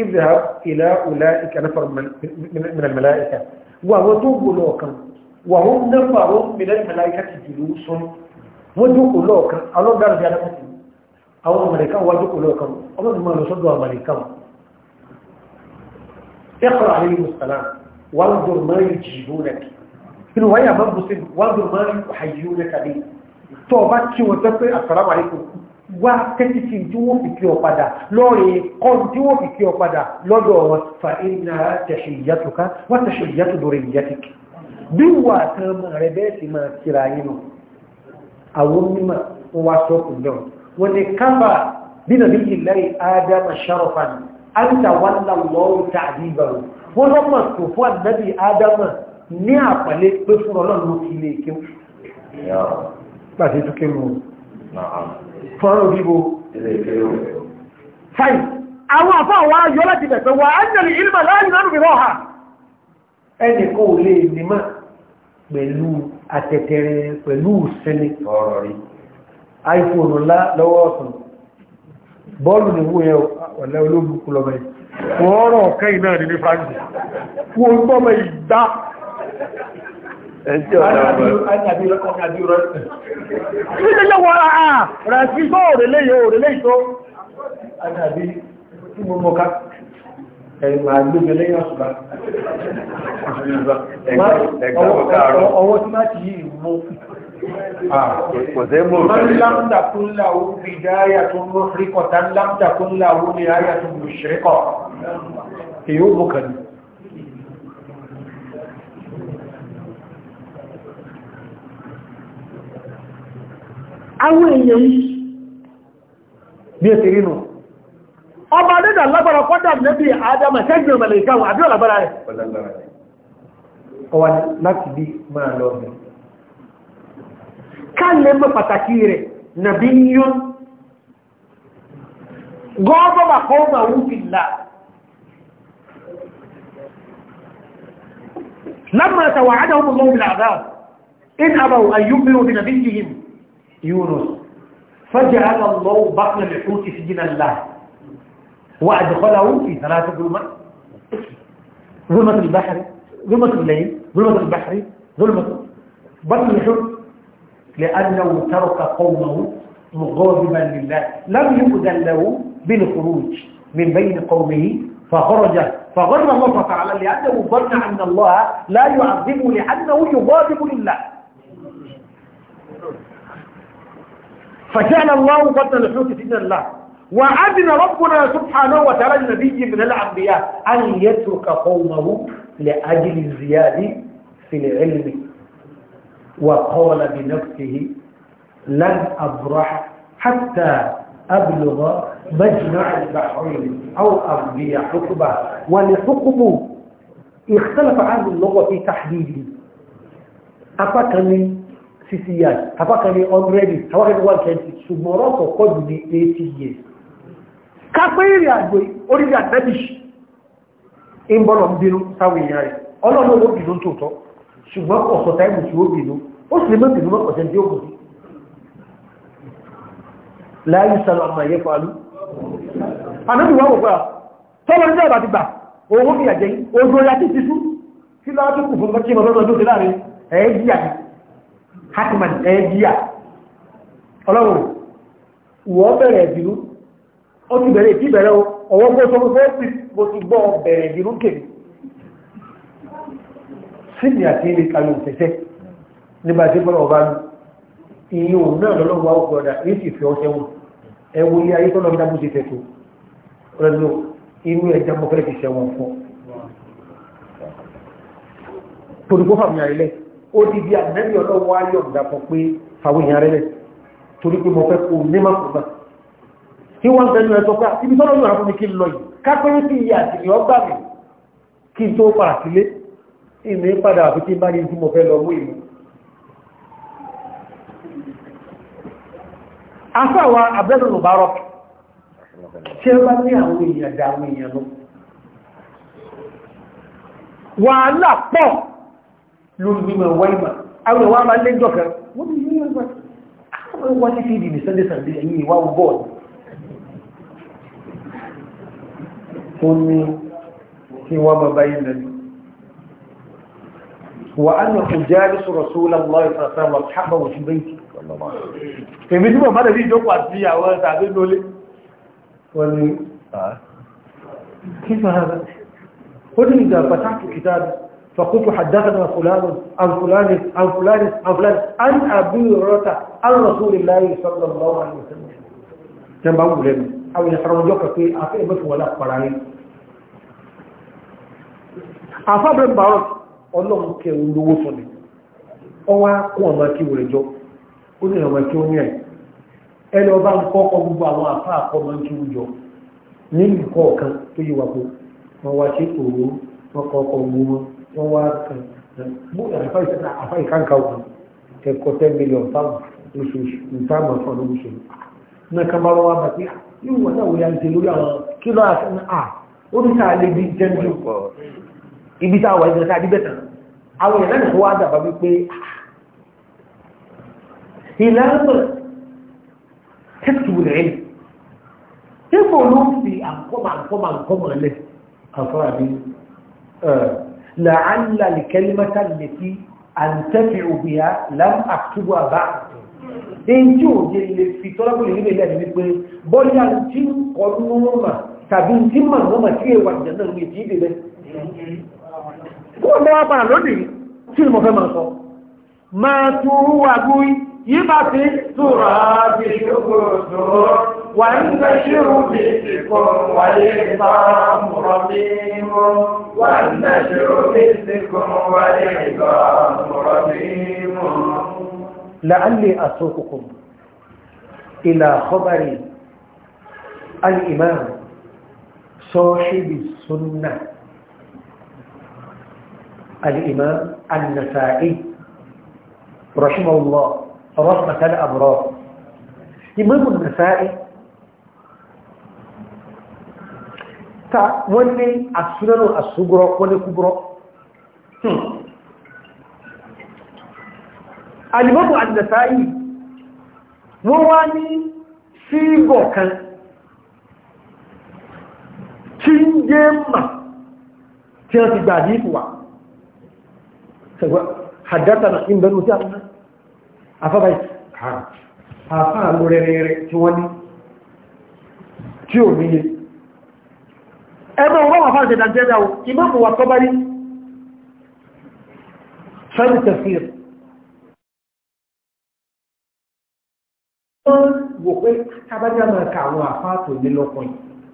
izhab ila ulaika nafar min al-mala'ika wa wa tuqulu kan wa hum nafaru àwọn amẹ̀ríkà wájú kò lọ́ọ̀kan ọmọ ìlú máa lọ sọ́dọ̀ amẹ̀ríkà wọn ẹ̀kọ́ àríyí mùsàlá wọ́n dùn máa yìí jìbó rẹ̀ inú wáyé àbábù sí wọ́n dùn máa yìí àyíyó rẹ̀ kàdé tó ọba kí wọ́n tẹ́ pé àsàrámà rẹ̀ kò wá tẹ́tí sí tí wọ́n fi kí ọ ونكفى بنبي الله آدم شرفا أن تولى الله تعذيبه ولما استوفى النبي آدم نعم لك بفر الله نكيليك يا رب ما تتكلمون نعم فروا بيبو طيب àwọn àfáà wá yọ láti bẹ̀fẹ̀ wà ánìyàn ìlmà láàrin lọ́rùn mìíràn ha ẹni kó lè nímọ̀ pẹ̀lú àtẹ̀tẹ̀rẹ̀ pẹ̀lú ìsinmi ọ̀rọ̀ rí iphone ńlá lọ́wọ́ ọ̀tún bọ́ọ̀lù nìwó yẹ ọ̀lẹ́ ah, olóbùkú lọ́mọ yìí wọ́n rọ̀ ọ̀kẹ́ iná ní ní france wọ́n gbọ́mọ ìgbá ẹ̀jẹ̀ ọ̀dọ́ ọ̀dọ́ Ẹ̀yìn máa gbógbé lẹ́yìn ọ̀ṣùgbà. Ọwọ́ tí máa ti yìí mú kò sí mú òfin lámdà kún láwú fi dáyà tó ń ríkọ̀ tá lámdà kún láwú ní ayà tó ń ṣíríkọ̀ èyí ó mú kàní àwọn èèyàn yìí bí ẹ̀ tèrè nù ọba dídà lágbára kọ́dà nẹ́bí àádámà ṣẹ́gbẹ̀rẹ̀ mẹ́lẹ̀ ìkáwọn àbí ọ̀làgbára rẹ̀ ọwà láti bí máa lọ́ọ̀bẹ̀ ká lè mọ́ pàtàkì rẹ̀ nàbí yún gọ́ọ̀bọ̀bà لما توعدهم الله بالعذاب إن أبوا أن يؤمنوا بنبيهم يونس فجعل الله بطن الحوت سجن الله وأدخله في ثلاث ظلمات ظلمة البحر ظلمة الليل ظلمة البحر ظلمة بطن الحوت لأنه ترك قومه مغاضبا لله لم يؤذن له بالخروج من بين قومه فخرج فغر الله تعالى لأنه ظن أن الله لا يعذبه لأنه يغاضب لله فجعل الله بطن الحوت سيدنا الله وعدنا ربنا سبحانه وتعالى النبي من الأنبياء أن يترك قومه لأجل الزيادة في العلم وقال بنفسه لن أبرح حتى أبلغ مجمع البحرين أو أمضي حقبة والحقب اختلف عن اللغة في تحديده أفكني سيسيات أفكني أمريدي أفكني والكنتي سمرات قدني إيتيجي كفيري أدوي أريد أن نبش إن بلوم دينو ساوي ياري أولا نبو بيزون توتو ṣùgbọ́n ọ̀sọ̀tà ìbùsùn ó ó sì lè mọ́ ìbínú ọ̀sẹ̀ tí ó kù láyé sọ̀rọ̀ àmà ìyẹ́ fọ́lú ànábì wọ́n wọ́pọ̀ tọ́wọ́ ní ẹ̀bà ti gbà owó fi àjẹ́ ojú ọya ti títú sí lọ́wọ́ tó kù fún ọjọ́ ìmọ̀ lọ́dọ̀ tó láàrin ẹ̀ẹ́díyà hatman ẹ̀ẹ́díyà ọlọ́run wọ́n bẹ̀rẹ̀ ìbínú ó ti bẹ̀rẹ̀ ìtì bẹ̀rẹ̀ ọwọ́ gbọ́ sọ fún ẹ́pì mo ti gbọ́ bẹ̀rẹ̀ ìbínú kèrè sí ni àti ilé kalùn tẹ̀tẹ̀ nígbà tí bọ́lá ọba iye òun náà lọ́lọ́wọ́ wa ọkọ̀ ọ̀dà yìí sì fi ọṣẹ wọn ẹ wo ilé ayé tọ́lọ́ nígbà bó ti tẹ̀tù ọ̀rẹ́lò inú ẹja mo fẹ́ ti ṣẹ wọn fún tòlùkọ́ fàmì àrílẹ̀ ó ti di àmẹ́bí ọlọ́wọ́ ayé ọ̀dà fún pé fàwọn èèyàn rẹ̀ torí pé mo fẹ́ kó mímọ́ kó náà tí wọ́n tẹ́lú ẹ̀sọ́ pé ah, ibi padà àfi tí bá ní tí mo fẹ́ lọ mú ìmú afáwa abẹ́rẹ̀ lùbárọ̀ tí ó bá ní àwọn èèyàn dá àwọn èèyàn lọ wàhálà pọ̀ lórígbìmọ̀ wáìmọ̀ àwọn ìwà máa lẹ́jọ́ kan wọ́n bí yíò wọ́n wọ́n wọ́n ní fídì ní sunday sunday ẹ̀yìn ìwà bọ́ọ̀lù tó ní kí wọ́n bá báyìí lẹ́nu wà á nà kò jẹ́ àrísọ̀rọ̀ sólà lọ́ìfà sáwọn àbáwọ̀ sí bẹ́ẹ̀kì èmi tí mọ̀ bá lẹ́bí ìjókòó àti àwọn ẹ̀sà àgbégbólé wọ́n ni kí fàáza ó ní ìgbà pàtàkì kìtàbí فقلت حدثنا فلان عن فلان عن فلان عن فلان عن أبي هريرة عن رسول الله صلى الله عليه وسلم كان بقول لهم أو يحرم جوك في أفئة بس ولا قرآن أفا بن بارك ọlọ́run kẹrù lówó sọ ni ọwá kún ọmọ kí wòrẹ̀ jọ ó ní ọmọ tí ó ní ẹ̀ ẹni ọba ń kọ́kọ́ gbogbo àwọn àfa àkọ́mọ tí ó jọ ní nǹkan ọ̀kan tó yí wọ́n wá sí wọ́n kọ́ ọkọ̀ gbogbo wọn wọ́n wá kàn bó wọn ten million nǹkan àmọ́ fún ọdún náà kan bá wọn wá bàtí ah, yóò wọ́n náà lórí àwọn ah, ó ní sáà lè خلاف تكتب العلم يقولون في أنقم أنقم أنقم عليه أفرادي آه. لعل الكلمة التي أنتفع بها لم أكتبها بعد èyí tí ò lè fi tọ́lábò lè nílẹ̀ ní wípé bọ́lá tí ń kọ lóòmà tàbí tí mà lóòmà tí èwà ìjẹ̀nà ní ètí ìdílẹ̀ kó mẹ́wàá padà lónìí tí mo fẹ́ máa sọ máa tó rú wa gúrí يبعث التراب شكوته والنشر مثلكم والعظام رميم والنشر مثلكم والعظام رميم لعلي أسوقكم إلى خبر الإمام صاحب السنة الإمام النسائي رحمه الله فراس مكان أبرار يمهم النسائي تا وني السنن الصغرى وني كبرى الإمام النسائي وواني في بوكان تنجم تنجم تنجم تنجم تنجم حدثنا ابن بن مسلم afábáyì àfáà ló rẹ̀rẹ̀rẹ̀ tí wọ́n ní tí ò níye ẹgbẹ́ ọgbọ́n wà fáà jẹ́dà jẹ́dà o ìmọ́mù wà tọ́ bá rí ṣẹ́lì tẹ̀fíìr wọ́n wò pé kábájá máa ka àwọn àfáà tó ní lọ́kùn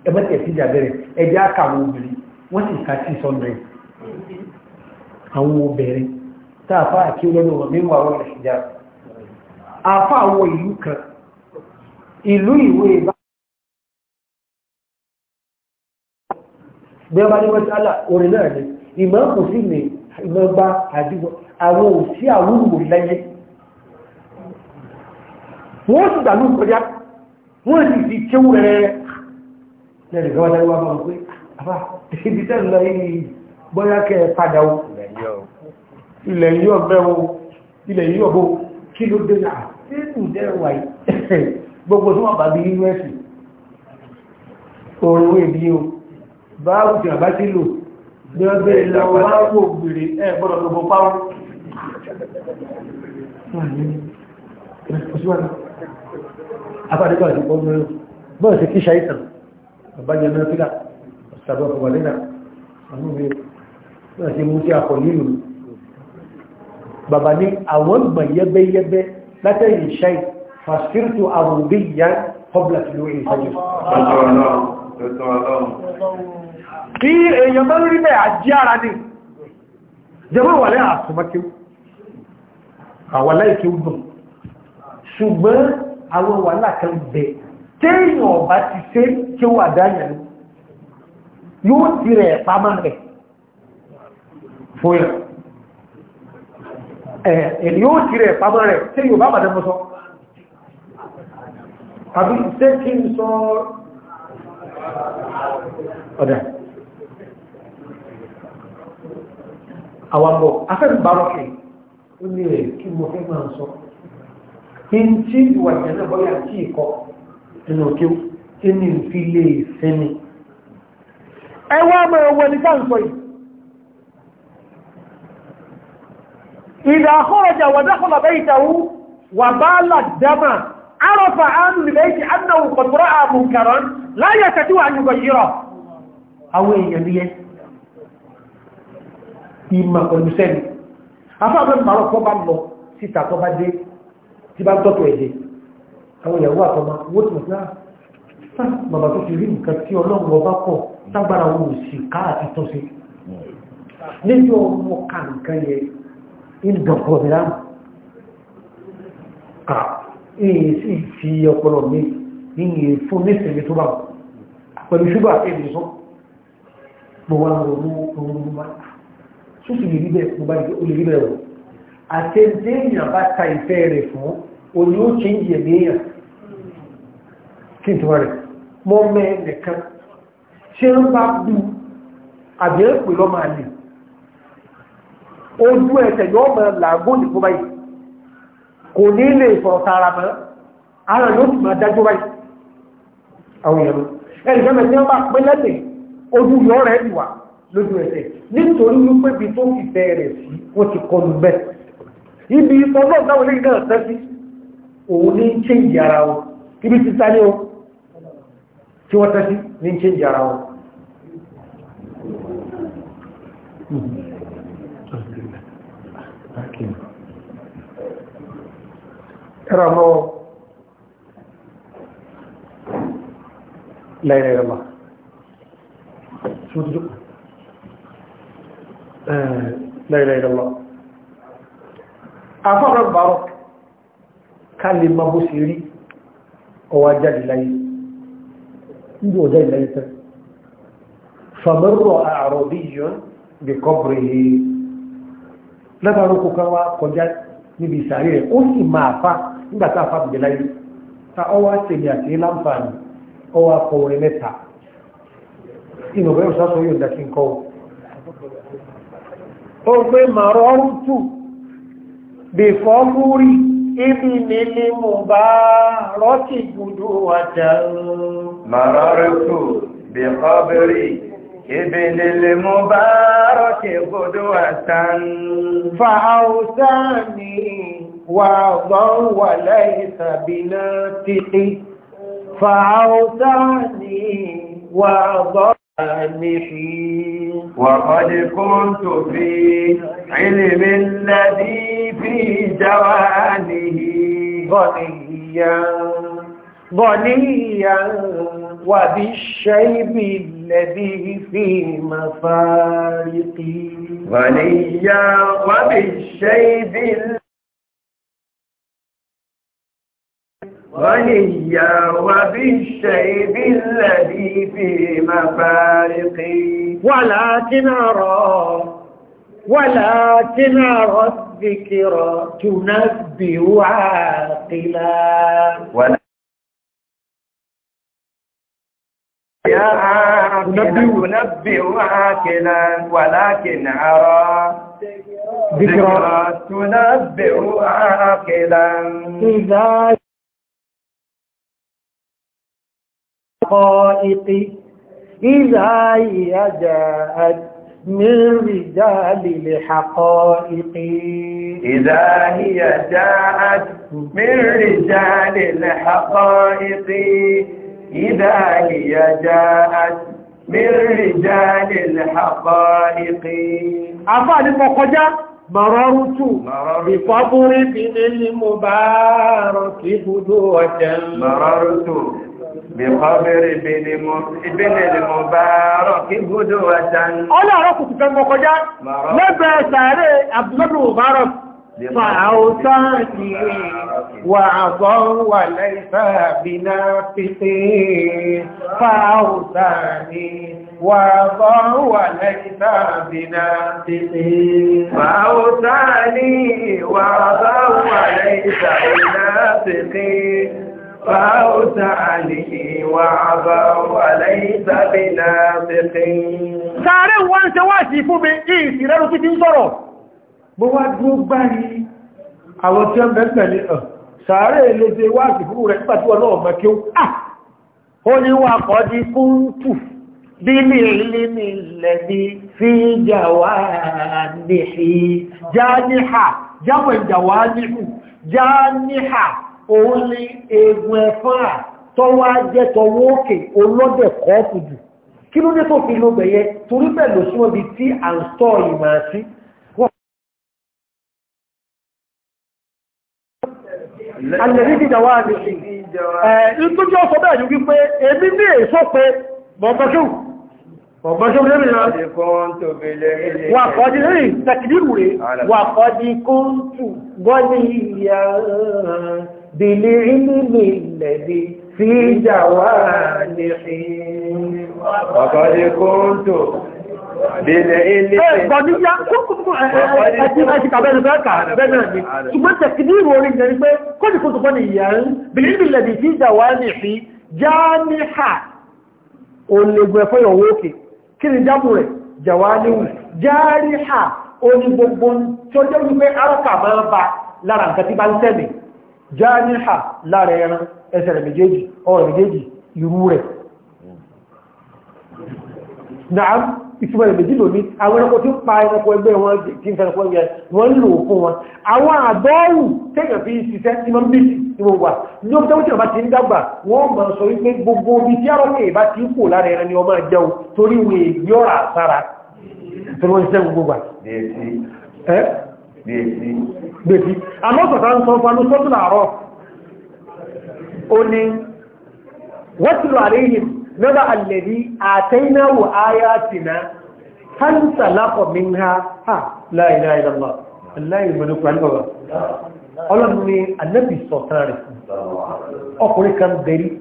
ẹgbẹ́ tẹ̀sí ìjàbẹ̀rẹ̀ ẹjẹ́ àkà àwọn obìnrin ká àfà àwọn ìlú kan ìlú ìwé ìbá bí wọ́n bá ní wọ́n sí àlà orin náà ni ìmọ̀ kò sí ní ìmọ̀ bá àdúgbò àwọn òsí àwúrò lẹ́yẹ wọ́n sì dàlú kọjá wọ́n sì fi kéwù rẹ̀ lẹ́rìn gbọ́wọ́ dáríwá bá wọ́n pé àbá ibi ilẹ̀ yíò bẹ́ o ilẹ̀ yíò bó kí ló dé náà tí ìjẹ́ wà [coughs] gbogbo tí wọ́n bá bí inú ẹ̀sìn oòrùn ìbí o bá òjò àbá sí lò ní ọgbẹ́ ìlàwọ̀ aláwọ̀ ògbèrè ẹ̀ gbọ́dọ̀ gbogbo páwọn afáríkà àti pọ́nmọ́rún bọ́ọ̀ sí kí ṣàìsàn àbájẹ náà fílà ọ̀sàbọ̀ ọ̀pọ̀lẹ́nà àmúwé náà sí mú sí àpọ̀ nílùú bàbá ní àwọn gbọ̀nyẹ́bẹ́yẹ́bẹ́ لدي شيء فصرت أرضيا قبل طلوع الفجر tí èèyàn bá lórí bẹ́ẹ̀ àjí ara ní jẹmọ́ wà lẹ́ àtùmọ́kí àwọn aláìkí ó dùn ṣùgbọ́n àwọn wà láàkẹ́ bẹ̀ téèyàn ọ̀bá ti ṣe kí ó wà dáyà ní yóò ti rẹ̀ pàmà rẹ̀ fún ẹ̀rọ ẹ̀yìn yóò rẹ̀ pàmọ́ rẹ̀ tí yóò bá bàdẹ mọ́ sọ tàbí ṣe kí n sọ ọ̀dá àwàbọ̀ afẹ́bàrọ̀kì ó ní rẹ̀ kí mo fẹ́ máa sọ kí n tí ìwà ìjẹ́nà bọ́yà tí ìkọ nínú kí ní fi lè إذا خرج ودخل بيته وبال الدم عرف أهل البيت أنه قد رأى منكرا لا يستطيع أن يغيره أو يبيه ìmọ̀ pẹ̀lú sẹ́ni afẹ́fẹ́ màrọ̀ kọ́ bá lọ síta tó bá dé tí bá tọ́tọ̀ ẹ̀dẹ́ àwọn ìyàwó àtọmọ owó tí wọ́n bàbá ọmọ kàǹkan yẹn ìlú dọ̀kọ̀ mi láàmù kà èyí sì fi ọpọlọ mi níyìn fún nísìnyí tó bá pẹ̀lú ṣúgbà èyí sọ mo wá ń ronú ronú máa tó sì lè ríbẹ̀ mo bá ìgbé olè ríbẹ̀ rọ̀ àti ẹgbẹ́ èèyàn bá ta ìfẹ́ rẹ̀ fún olè ó ojú ẹsẹ̀ yóò mọ̀ làágùn nìkú báyìí kò ní lè sọ̀rọ̀ tààrà mọ́ ara yóò sì máa dájú báyìí àwọn èèyàn ẹnì kan mẹ́tí wọ́n bá pẹ́ lẹ́sẹ̀ ojú yóò rẹ̀ ìwà lójú ẹsẹ̀ nítorí wípé ibi tó fi fẹ́ rẹ̀ sí wọ́n ti kọlu bẹ́ẹ̀ ibi ìtọ́ náà táwọn ilé náà tẹ́ sí òun ní chéǹjì ara wọn ibi ti sáré o tí wọ́n tẹ́ sí ní chéǹjì ara wọn. karamɔgɔ layi yɛrɛ ma sotu ɛɛ layi yɛrɛ ma a fɔ ka baro k'ale ma bɔ seri o wa jaabi layi n b'o jaabi layi tɛ famarro bi kɔbiri ye n'a taara ko kan wa kɔjá níbi sàárè rẹ ó sì fa nígbà tá a fa àbùjẹ láyé ta ọwọ́ àtẹ̀mí àti láǹfààní ọwọ́ akọwọ́ ẹlẹ́ta inú bẹ́ẹ̀ sọ́sọ́ yóò dá sí ń kọ́wọ́ ó gbé màrọ́rùtù bèfọ́ múrí ibi nílé mú bá rọ́tì gbùdú wàjà màrọ́rùtù bèfọ́ bèrí ibi nílé mú bá rọ́tì gbùdú wàjà fàáwùsá nìí واضا وليس بناطق فأوتاني واضا وقد كنت في علم الذي في جوانه ظنيا ظنيا وبالشيب الذي في مفارقي ظنيا وبالشيب غنيا وبالشيب الذي في مفارقي ولكن أرى ولكن أرى الذكرى تنبه عاقلا تنبه عاقلا ولكن أرى ذكرى تنبه عاقلا إذا الحقائق إذا هي جاءت من رجال الحقائق إذا هي جاءت من رجال الحقائق إذا هي جاءت من رجال الحقائق أفعل مقجة مررت بقبر بن المبارك بدوة مررت Bẹ̀kọ́bẹ̀rẹ̀ ìbẹ̀lẹ̀ mọ̀ bá rọ̀ kí gúdó wà jàn. Ọlọ́rọ̀ kò ti fẹ́ mọ́ kọjá, lẹ́bẹ̀ẹ́ sàárẹ̀ Abdullahi Mubarak, fàáútá ti wà àgọ́ wà lẹ́fà bínà pípé, fàáútá ni wà àgọ́ wà lẹ́fà bínà pípé, fàáútá ni wà àgọ́ wà lẹ́fà bínà pípé. فأوت عليه وعبوا وليس بنافق sáré wọ́n ṣe wá sí fún mi ìsì rẹ̀rù tí ti ń sọ̀rọ̀ bó wá dúró gbá ní àwọn tí ó ń bẹ̀rẹ̀ pẹ̀lú ọ̀ sáré lè ṣe wá sí fún rẹ̀ pàtí wọn náà mọ́ kí ó à ó ní wà kọ́ di fún tù bí ní ilé ní ilẹ̀ ní fi jàwá nìhì jáníhà jáwẹ̀ jàwá nìhù jáníhà òun ni eegun ẹ̀fọ́n à tọ́wọ́ ajẹ́ tọwọ́ òkè olódẹ̀ kọ́ọ̀pù jù kí ló dé tó fi ló bẹ̀yẹ torí bẹ́ẹ̀ ló súnmọ́ bí tí à ń sọ ìmọ̀ sí alẹ́rí ìdàwà àdìsí ìtújú ọ̀sọ̀ bẹ́ẹ̀ ni wípé èmi ní èso pé bọ̀bọ̀ṣù bọ̀bọ̀ṣù lẹ́rìn náà wà kọ́dí lẹ́rìn tẹ̀kìdírù rẹ̀ wà kọ́dí kóńtù gọ́dí ìyàrá بالعلم الذي في جوانحي وقد كنت ṣùgbọ́n tẹ̀kìdìrò orí ìjẹ́ wípé kọ́dì kò tó kọ́ ni ìyàn bìlìbìlẹ̀dì tí ìjàwà ní fi já ní ha onígun ẹ̀fọ́ ìyàwó òkè kí ni jábù rẹ̀ jàwà níwù já ní ha onígbogbo tó jẹ́ wípé arákà máa bá lára nǹkan tí bá ń tẹ́lẹ̀ jáníhà lára ẹran esere mejeji méjèèjì ọ̀rọ̀ méjèèjì irú rẹ̀ náà ìtumọ̀ rẹ̀ méjì n'oge àwọn ẹranko tí pa ẹranko ẹgbẹ́ wọn tí ń fẹ́ ẹgbẹ́ wọn lò fún wọn àwọn àdọ́rù tẹ́yàn fi ṣiṣẹ́ tí wọ́n bí wọ́n wà ní tí wọ́n bá ti ń dàgbà wọ́n mọ̀ sọ wípé gbogbo omi tí ti ń lára ni ọmọ torí èyí ọ̀rà sára gbèsí gbèsí àmọ́sọ̀tà ń sọ fanú sọ́tún àárọ̀ ó ní wọ́tìlù àríyìn lọ́dọ̀ àlẹ́dí àtẹ́yìnáwò ayatina hansa lápọ̀ minha ha la ilaha illallah aláì mọ̀lú pẹ̀lúbọ̀bọ̀ ọlọ́run ni anábì sọ̀tán rẹ̀ ọkùnrin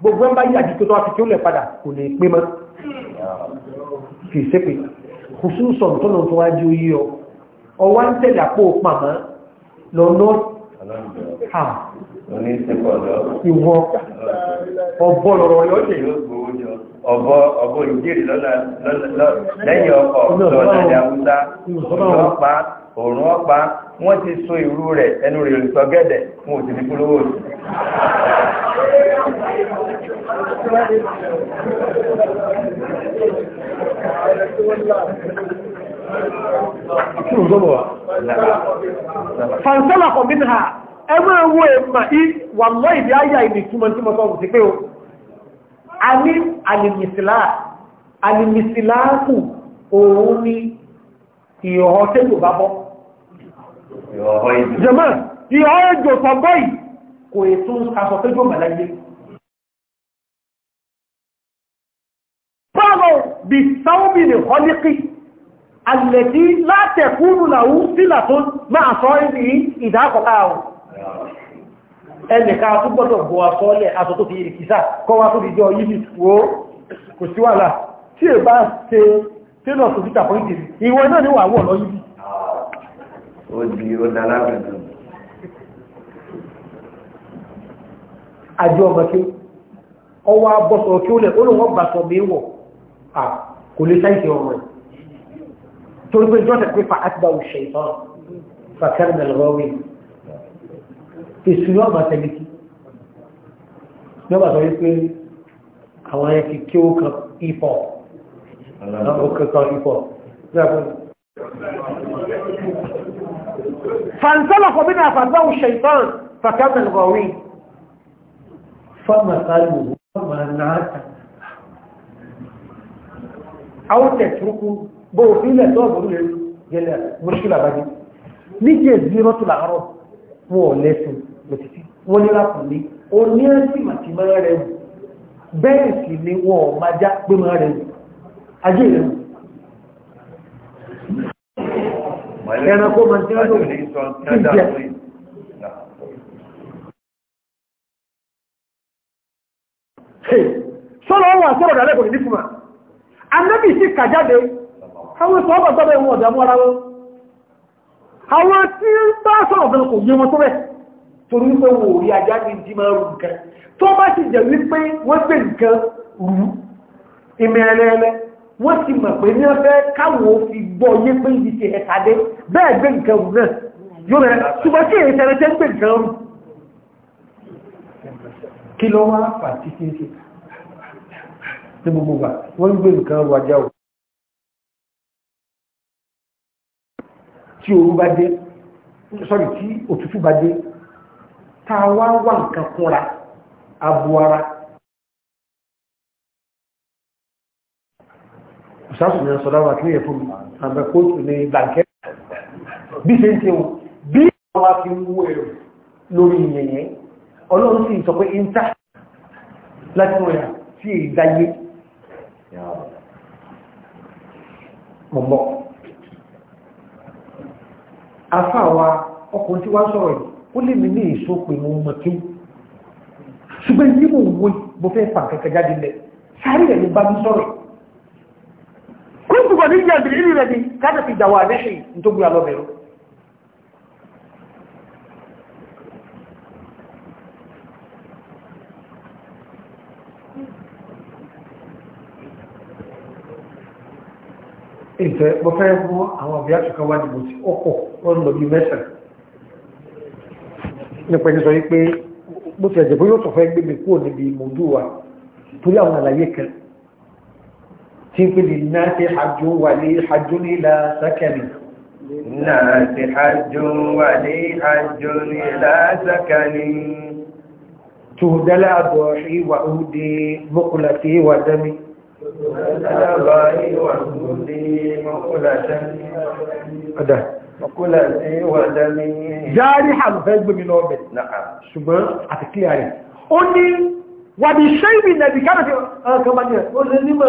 gbogbo ẹ̀ ń bá yí àdìtò tó wá fi kí ó lẹ̀ padà kò lè pé mọ́ kì í sépè kò sí ń sọ̀rọ̀ tọ́nà tó wá di oyé ọ ọwá ń tẹ̀lé àpò pàmọ́ lọ́nà ha ìwọ ọ̀bọ lọ̀rọ̀ yọ jẹ́ ọ̀bọ ọ̀bọ ìjẹ́rì lọ́nà lẹ́yìn ọkọ̀ lọ́nà ìyàwó wọ́n ti so ìrú rẹ̀ ẹnu rẹ̀ olùsọ gẹ́dẹ̀ fún òsì ní polówó òsì. Fàǹsọ́là kọ̀mínà ẹgbẹ́ owó ẹ̀mà ì wà lọ ìdí ayà ìdí túnmọ̀ tí mo sọ́rọ̀ sí pé o. A ní alìmìsìlá, alìmìsìlá kù òun ni ìhọ́ tẹ́lù bá bọ́ jẹ́mọ́ ìhọ́ ẹjọ́ sọgbọ́ yìí kò ètò asọ̀fẹ́jọ́ mẹ́láyé fọ́lọ̀ bí sáwọ́bí lè kọ́líkì alẹ́dí látẹ̀kúrù làwú sílà tó máa sọ ibi ìdákọ̀lá ọ̀ ẹnìká tó gbọ́dọ̀ bọ́ asọ́lẹ̀ aṣọ tó fi ìrìkìsà kọ́ wá tó fi jọ yìí wo kò síwàlá tí è bá ṣe tẹ́lọ̀ lọ yìí ó di ó da lábẹ̀dùn. àjọ ọmọ kí ọwọ́ abọ́sọ̀ kí ó lẹ̀ ó lè wọ́n bàtọ̀ mi wọ̀ à kò lè sáyẹ̀sì ọmọ ẹ̀ torí pé jọ́sẹ̀ pé fa àtibá ò ṣe ìtọ́ fàkẹ́rì nà lọ́wọ́ ọmọ tẹ̀lé kí ní ọmọ sọ wípé àwọn ẹ̀kí kí ó kan ipò ọ̀kan ipò ní فانسلخ بنا فأتبعه الشيطان فكان الغاوي فمثله ومنعك أو تتركه بوفيلة توبر جل مشكلة بعدين نيجي زيرة العرب مو لسن متسي ونرى كلي ما تمارن بيسي لي وما جاء بمارن أجيرن ẹranko mọ̀ tí wọ́n tó jẹ́ sọ́rọ̀ ọwọ́ àṣọ́rọ̀ dálẹ́kùn ní fún wa anábì sí kàjáde àwọn ìsọ́ ọgbà tọ́bẹ̀ wọn ọ̀dà mọ́ra wọn àwọn tí ń bá sọ̀rọ̀ bẹ̀rẹ̀ kò yé wọn tó bẹ̀ torí wípé wò rí ajá ní jí máa rú nǹkan tó bá ti jẹ̀ wípé wọ́n wọ́n ti mọ̀ pé ní ọ̀fẹ́ káwọn fi gbọ́ yé pé ibi ṣe ẹ̀ka dé bẹ́ẹ̀ gbé nǹkan rù náà yóò rẹ̀ ṣùgbọ́n tí èyí tẹ́rẹ tẹ́ ń gbé nǹkan rù kí lọ wá pàtí sí ṣe ní gbogbo wa wọ́n ń gbé nǹkan rù ajá o tí òru bá dé sọ́rí tí òtútù bá ṣáàsùn ní ọ̀sọ̀lá wà kílẹ̀ fún àmì kóòtù ní bàǹkẹ́ bí ṣe ń ṣe wọn bí wọ́n fi ń wú ẹ̀rọ lórí ìyẹ̀yẹ́ ọlọ́run sì sọ pé ìntà láti wọ́n yà sí ìdáyé mọ̀mọ́ afáwa ọkùnrin tí wá sọ̀rọ̀ yìí ó lè mi ní èso pé mo mọ̀ kí ṣùgbọ́n ní mo wo mo fẹ́ fà jáde lẹ̀ sáré ẹ̀ ló bá mi sọ̀rọ̀ كنت غنيا بالعلم الذي كان في جوانحي انتم يا لوبيرو ìfẹ́ mo fẹ́ mú àwọn àbí àtúkọ́ wá dìbò tí ó pọ̀ wọ́n lọ bí mẹ́sàn nípa ẹni sọ wípé bó ti ẹ̀jẹ̀ bó yóò tọ̀fẹ́ gbé mi kúrò níbi mòdúwà torí àwọn àlàyé kan تيب للناس حج ولي حج إلى سكن للناس حج ولي حج إلى سكن تهدل أضوحي وأهدي مقلتي ودمي Járí àlùfẹ́ gbèmí lọ bẹ̀. Ṣùgbọ́n àti kí a rẹ̀. Ó ní wà ní ṣe ìbìnà ìdíkàrẹ̀ tí ọkọ̀ bá jẹ́, ó lè nímọ̀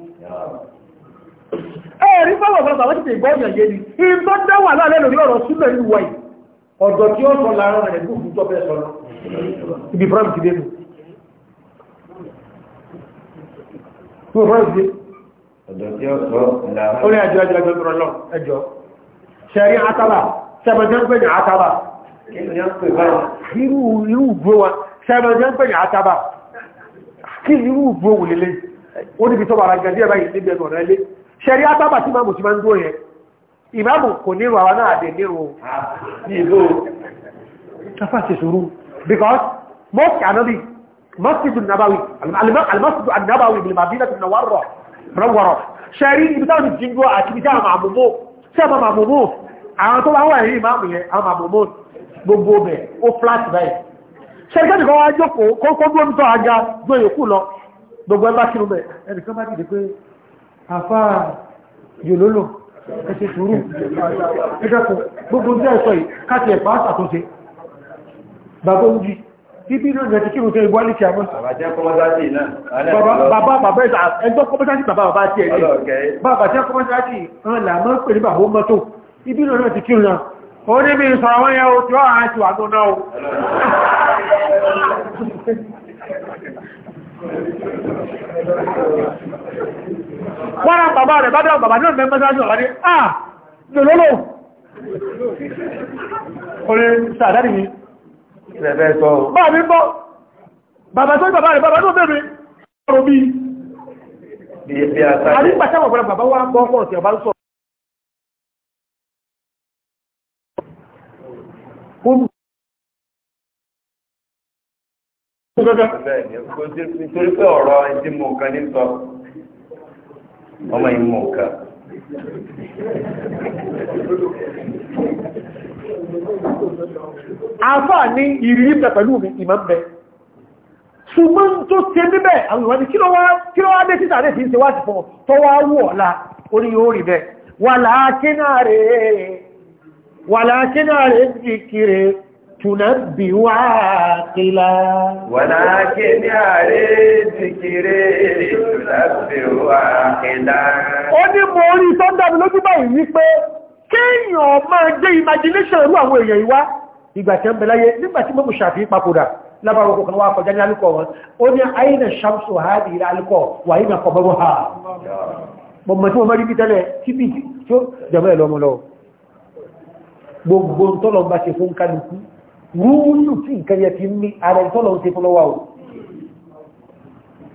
ẹ̀rí fáwọn ọ̀pọ̀lọpọ̀ àwọn títẹ̀ ìgbọ́nyàn yé ni in tó dáwà láàrẹ́ lórí ọ̀rọ̀ súnmọ̀ ìlú wáyì ọ̀dọ̀ tí ó sọ láàrín rẹ̀ gúúfù tó fẹ́ sọ ibi france dé nù orí àjọ àjọ àjọ ìrọ̀ lọ ẹjọ́ ṣẹ̀rí àtàbà sẹ́mọ̀jẹ́ ń pè ní àtàbà irú ìgbó wa sẹ́mọ̀jẹ́ ń pè ní àtàbà kí irú ìgbó wùlélé ó níbi tó bàrà gẹ̀dí ẹ̀bá ìsẹ́gbẹ̀ẹ́ ṣẹ̀rí ábábà tí máa mú ti máa ń dúró yẹn ìmáàmù kò nírò àwọn náà dẹ̀ nírò ìlú tafàṣẹ sùúrù because mosque anabi masjid nabawi almasjid annabawi bil madinati nawara nawara ṣẹ̀rí ibi táwọn ti jíndúró àti ibi táwọn àmúmó sẹ́mọ̀ àmúmó àwọn tó bá wà ní ìmáàmù yẹn àwọn àmúmó gbogbo bẹ̀ ó flat báyìí ṣẹ̀rí kẹ́ni kan wá jókòó kó kó dúró nítorí aga gbé yòókù lọ gbogbo ẹgbẹ́ kírun bẹ̀ ẹnìkan bá dìde pé àfá yòlólò ẹ̀ṣẹ̀ sùúrù ẹgbẹ́kùn gbogbo jẹ́ ẹ̀sọ́ yìí káti ẹ̀pá àtúnṣe bàbá oúnjẹ bíbí náà jẹ́ kíkí rúfẹ́ ìgbó alìkì àmọ́ bàbá bàbá ẹgbọ́ kọmọ́sáàtì bàbá bàbá tí ẹ̀yẹ bàbá tí kọmọ́sáàtì ń là mọ́ pẹ̀lú bàbá mọ́tò bíbí náà ti Thank you. [laughs] wọ́n bàbá rẹ̀ bàbá bàbá náà mẹ́ mẹ́sájú ọ̀rọ̀ ní àà lòlòlò orí sàdárì ní rẹ̀bẹ̀ sọ bá mi bọ́ bàbá tó bàbá rẹ̀ bàbá náà bẹ̀rẹ̀ ọ̀rọ̀ bí i àrípàṣẹ́wọ̀ pẹ̀lú bàbá wá bọ́ pọ̀ tí ọba ń sọ Nítorí pé ọ̀rọ̀ ẹjí mọ̀ kan ní sọ, ọmọ ìmọ̀ nǹkan àfà ní ìrírí bẹ̀ pẹ̀lú ìmọ̀ bẹ̀ ṣùgbọ́n tó tẹ́ níbẹ̀ àwọn ìwọ̀n ni kí ló wá dé títà rẹ̀ tí ń ṣe wá sí fún tọ́wọ́ wọ̀ ọ̀la orí orí bẹ̀ wà láàkínà rẹ̀ ń dìkìrẹ̀ تنبئ عاقلا ولكن يا ذكري تنبئ عاقلا ó ní mo rí sọ́dá mi lójú báyìí wípé kéèyàn máa jẹ́ imagination irú àwọn èèyàn ìwá ìgbà tí ó ń bẹ láyé nígbà tí mọ́mù ṣàfi papòdà lábàrò kòkòrò wá kọjá ní alùkọ̀ wọn ó ní àyínà ṣàmsù ha di ilẹ̀ alùkọ̀ wà ní àkọ̀ bọ́bọ́ ha mọ̀mọ̀ tí mo mọ́ rí bí tẹ́lẹ̀ tí bí tí ó jẹ́mọ́ ẹ̀ lọ́mọ́ lọ gbogbo tọ́lọ̀ bá ṣe fún kálukú rúúlù tí nǹkan yẹ ti ní ara ìtọ́lọ̀ ń ṣe fún lọ́wọ́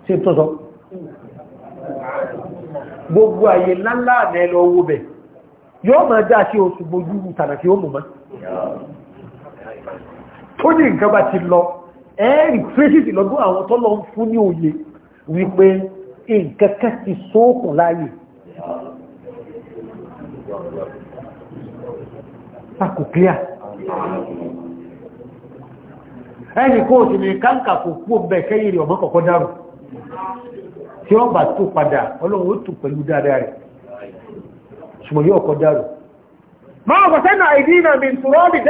ṣe tó sọ gbogbo àyè ńláńlá àmì ẹlọ owó bẹ̀ yóò máa já ṣe oṣù gbojú tànà tí ó mú mọ́ tó ní nǹkan bá ti lọ ẹ́rì tírésìtì lọ́dún àwọn tọ́lọ ń fún ní òye wípé nǹkan kan ti sókùn láàyè Sako clear ẹni kó sì ní káńkà kò kú bẹ̀ kẹ́yìn rẹ̀ ọmọ kọ̀kọ́ dárò tí wọ́n bá tó padà ọlọ́run ó tù pẹ̀lú dáadáa rẹ̀ ṣùgbọ́n yóò kọ́ dárò máa wọ̀ sẹ́nà àìdínà mi tùrọ́ bí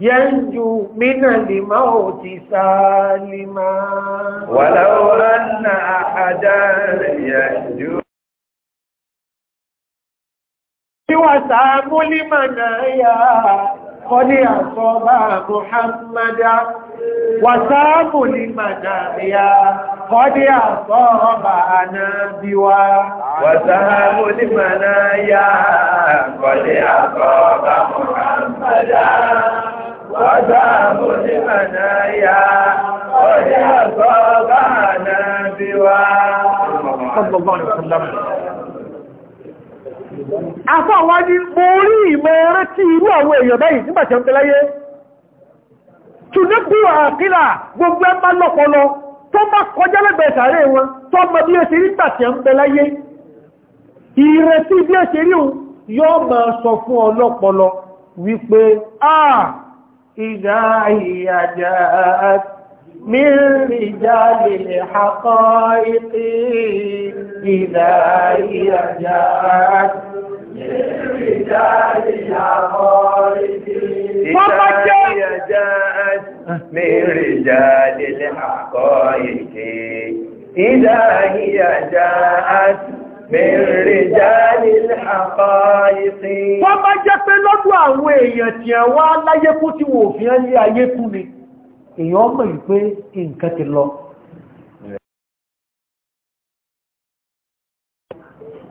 ينجو من الموت سالما ولو أن أحدا ينجو وسام لمنايا قد أصاب محمدا وسام لمنايا قد أصاب نبيا وسام لمنايا قد أصاب محمدا ọjà àmúdìmọ̀nà yá ọjà àgbọ̀ ọgá àná bí wá. Àfọ́ àwọn ní mo rí ìmọ̀ ẹrẹ́ tí irú àwọn èèyàn báyìí nígbàtí ọmọ láyé. Tùnúkú àkílà gbogbo ẹmbá lọ́pọlọ tó bá kọjá lẹ́gbẹ̀ẹ́ sàárè wọn tó mọ bí ó ṣe rí gbàtí ọmọ láyé. Ìrètí bí ó rí إذا هي جاءت من رجال الحقائق إذا هي جاءت من رجال الحقائق إذا هي جاءت من رجال الحقائق إذا هي جاءت Wọ́n bá jẹ́ pé lọ́dún àwọn èèyàn tí a wá láyé kú tí wò fi án lé ayé kú ni, èèyàn ọmọ pé nǹkan ti lọ.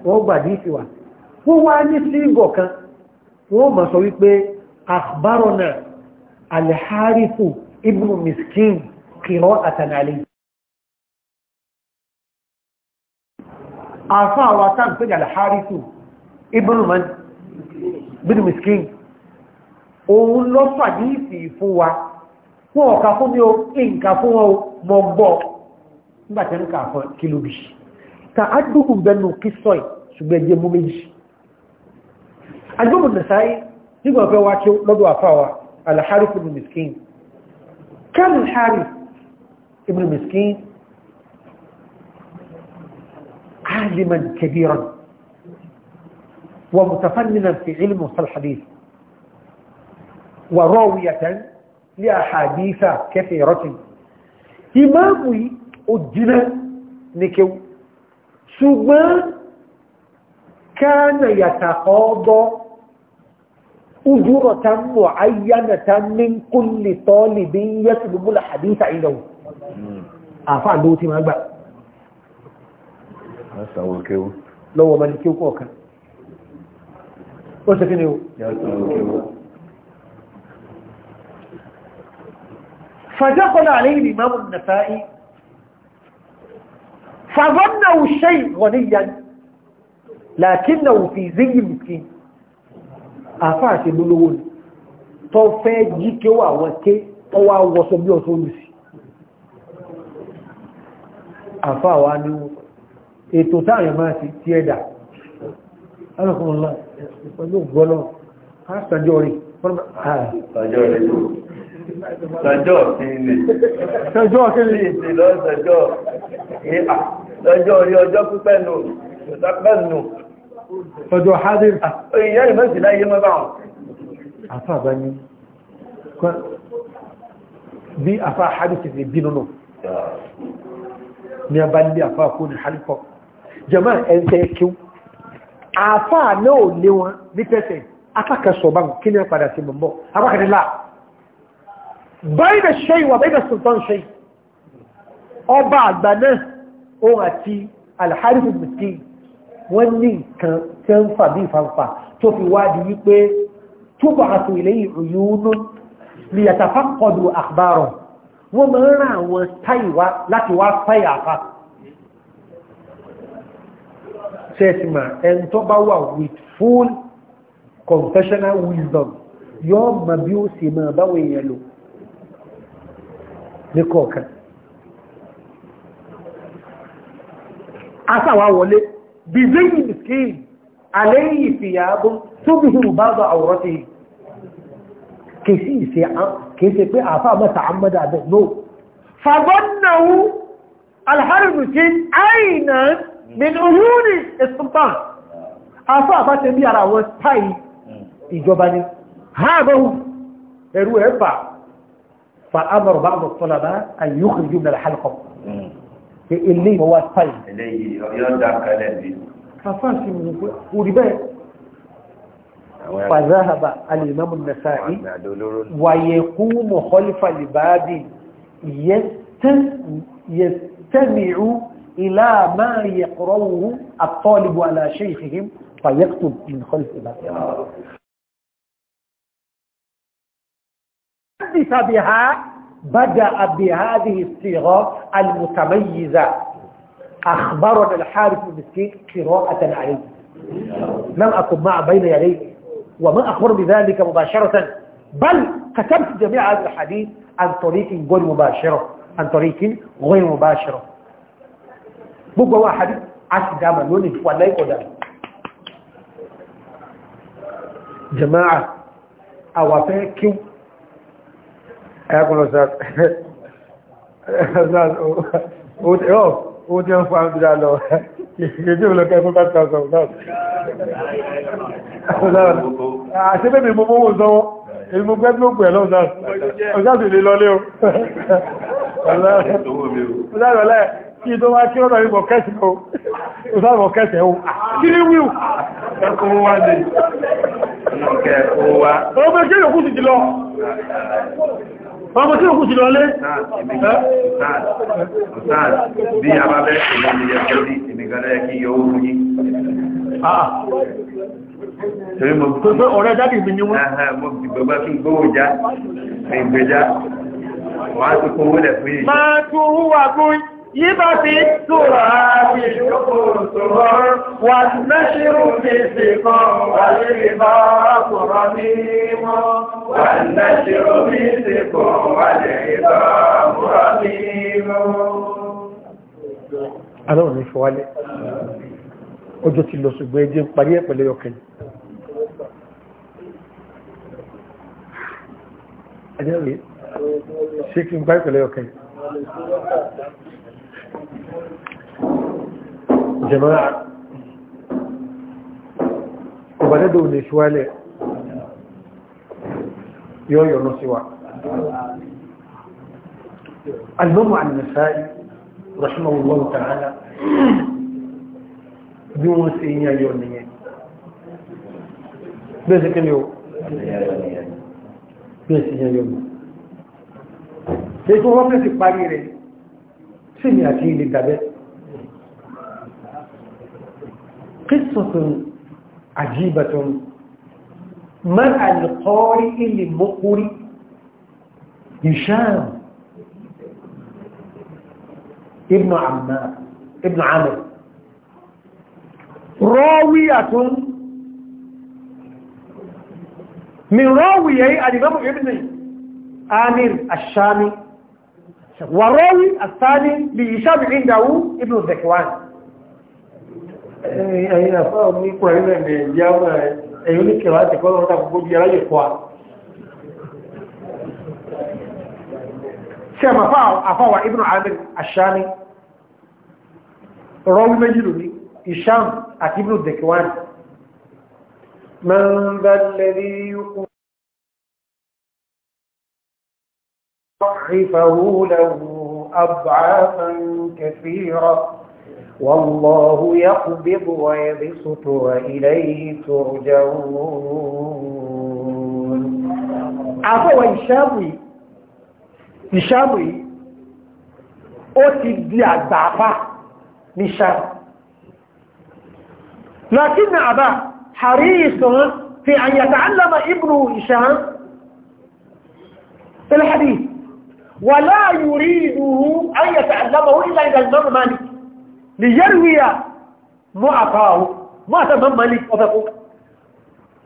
Wọ́n gbà ní ìfìwà. Wọ́n wá ní sí ìgọ̀ kan, wọ́n mọ̀ sọ wípé Akbarona Alharifu Ibn Miskin kìrọ́ àtànàlẹ́. àfá àwọn àtàǹpé alharisu bin bídìmìskín òun lọ fàdí ìfì fún wa fún ọ̀ka fún mi o ìǹkà fún wọn mọ̀ gbọ́ nígbàtí ń kàfọ́ ta agbóhùn bẹnu kí sọ́ì ṣùgbẹ́ jẹ mú عالما كبيرا ومتفننا في علم وصل الحديث وراوية لأحاديث كثيرة إمامي أدنى نكو ثم كان يتقاضى أجرة معينة من كل طالب يطلب الحديث عنده أفعل دوتي ما بقى àtàwọn kéwú lọ́wọ́ ọmọ ní kéwú kọ̀ọ̀kan ó ṣe kí ni ó فدخل عليه الإمام النسائي فظنه الشيء غنيا لكنه في زي مسكين àfáàṣe lólówó ni tó fẹ́ jí kí ó àwọn ké tó ètò táàyàn máa ti tí ẹ̀dà alọ́kùnrinlá pẹ̀lú gbọ́lọ́ àṣàjọ́ rí sọjọ́ sí ilé sọjọ́ sí ilé lọ́sọjọ́ lọ́jọ́ orí ọjọ́ pípẹ́ nù ìtàpẹ́ nù sọjọ́ hadir ìyá ìmọ́sí láyé mọ́ báwọn àfàbá ní bí àfà hadir ti fi bínú nù ní abá ní àfà kó ní halifọ́ jẹ̀mọ́ ẹ̀ǹtẹ̀ kíw àfà náà ò lé wọn ní pẹ́sẹ̀ apákẹ́sọ̀ bá kí ní padà sí mọ̀ apákẹ́lá báyìí ṣe ìwà báyìí sultan ṣe ọba àgbà náà òun àti alharifu mìtì wọ́n ní nǹkan tẹ́ ń fà bí ìfàǹfà tó fi wádìí wípé túbọ̀ àti ìlẹ́yìn òyìnbó ni yàtàfà kọdù àkbárọ̀ wọ́n máa ń rán àwọn táìwá láti wá fáyà àpapọ̀ sẹ́sìmà ẹn tó bá wà with full confessional wisdom yóò mọ̀ bí ó sì mọ̀ báwọn èèyàn lò ní kọ̀ọ̀kan asáwà wọlé bí zéyìn miskin aléyìn ìfìyàbùn tó bí hìrù bá zọ àwòrán ti kìí ṣe pé àfáà mọ́ta àmọ́dá àbẹ̀ no fagọ́nàwó alhárùn-ún من أهول السلطان أصابة ميارا وستاي إجوباني هذا هو إرواء فأمر بعض الطلبة أن يخرجوا من الحلقة اللي هو ستاي اللي يرجع كلامي فصلت من قريبا فذهب الإمام النسائي ويقوم خلف لبابي يستمع يستمع إلى ما يقرأه الطالب على شيخهم فيكتب من خلف إمامهم حدث بها بدأ بهذه الصيغة المتميزة أخبرنا الحارث المسكين قراءة عليه لم أكن مع بين يديه وما أخبر بذلك مباشرة بل كتبت جميع هذا الحديث عن طريق غير مباشرة عن طريق غير مباشرة gbogbo wa àhàdí a sì dáàmà lónìí wà láìkọ̀dá jama'a àwàfẹ́ kí ẹgbùn ọ̀sán ó jẹ́ fún àmìdá lọ ìgbèjì olókẹ́ fún 5,000 náà àti bẹ́bẹ̀ ìmọ̀mọ́ owó sọ́wọ́ ìmọ̀ pẹ́ ló pẹ̀ lọ́wọ́ sáà ọjọ́ sì lè lọ lé o kí tó wá kí ọ̀dọ̀ ìbọ̀ kẹsẹ̀ o ìsáàbọ̀ kẹsẹ̀ o kí ní wíwù ẹkùn wá lè ọ̀kẹ́ wá ọmọ kí ìyókù ti lọ ọmọ kí ìyókù ti lọ lé bí a bá bẹ́ ìlú ni yẹ kí ó rí ìmìgànlẹ́ kí yóò rú yí Torí mo gbogbo ọ̀rẹ́ jáde ìbí ni wọ́n. Mo gbogbo kí gbówó já, ìgbèjá, wọ́n á ti kó wọ́lẹ̀ fún yìí. Máa tún wà fún yìí. يبقى التراب شكر سهر والنشر في سقام والعباق رميم والنشر في سقام والعباق رميم Àlọ́run ní ṣọwálẹ́, ọjọ́ ti lọ ṣùgbọ́n ẹjẹ́ ń parí ẹ̀ pẹ̀lú ọkẹ̀lẹ̀. Ẹjẹ́ rẹ̀, ṣe kí ń parí pẹ̀lú ọkẹ̀lẹ̀ jama'a ọ̀bàdẹ́ dò lè ṣúwálẹ̀ yóò yọ̀nà síwá alìmọ́mù alìmọ̀sáì rọ̀ṣùmọ̀wọ̀n tààlà bí wọ́n sí yíya yọ nìyẹn bẹ́ẹ̀ sí kí ni ó bẹ́ẹ̀ sí yíya yọ nìyẹn سمعتي لبابة قصة عجيبة مرعى القارئ للمقري هشام ابن عمار ابن عمر راوية من راوية الإمام ابن عامر الشامي وراوي الثاني لهشام عنده ابن الذكوان ẹ̀yìn àfáà ní ipò ẹ̀rìnlẹ̀ nàìjíríà ẹ̀yìn oníkẹ̀wà àti ẹ̀kọ́ lọ́rọ̀ àkókò bí aráyè fọ́ a ṣe àmàfà àfáwà ibn amir aṣáni rọ́wí méjì lórí isham àti ibn dẹ̀kẹ̀wà يضاعفه له أضعافا كثيرة والله يقبض ويبسط وإليه ترجعون عفوا الشاوي الشاوي أتدي الضعفة di لكن أباه حريص في أن يتعلم ابنه هشام الحديث ولا يريده أن يتعلمه إلا إذا الإمام مالك ليروي معطاه ما تمام مالك وفقه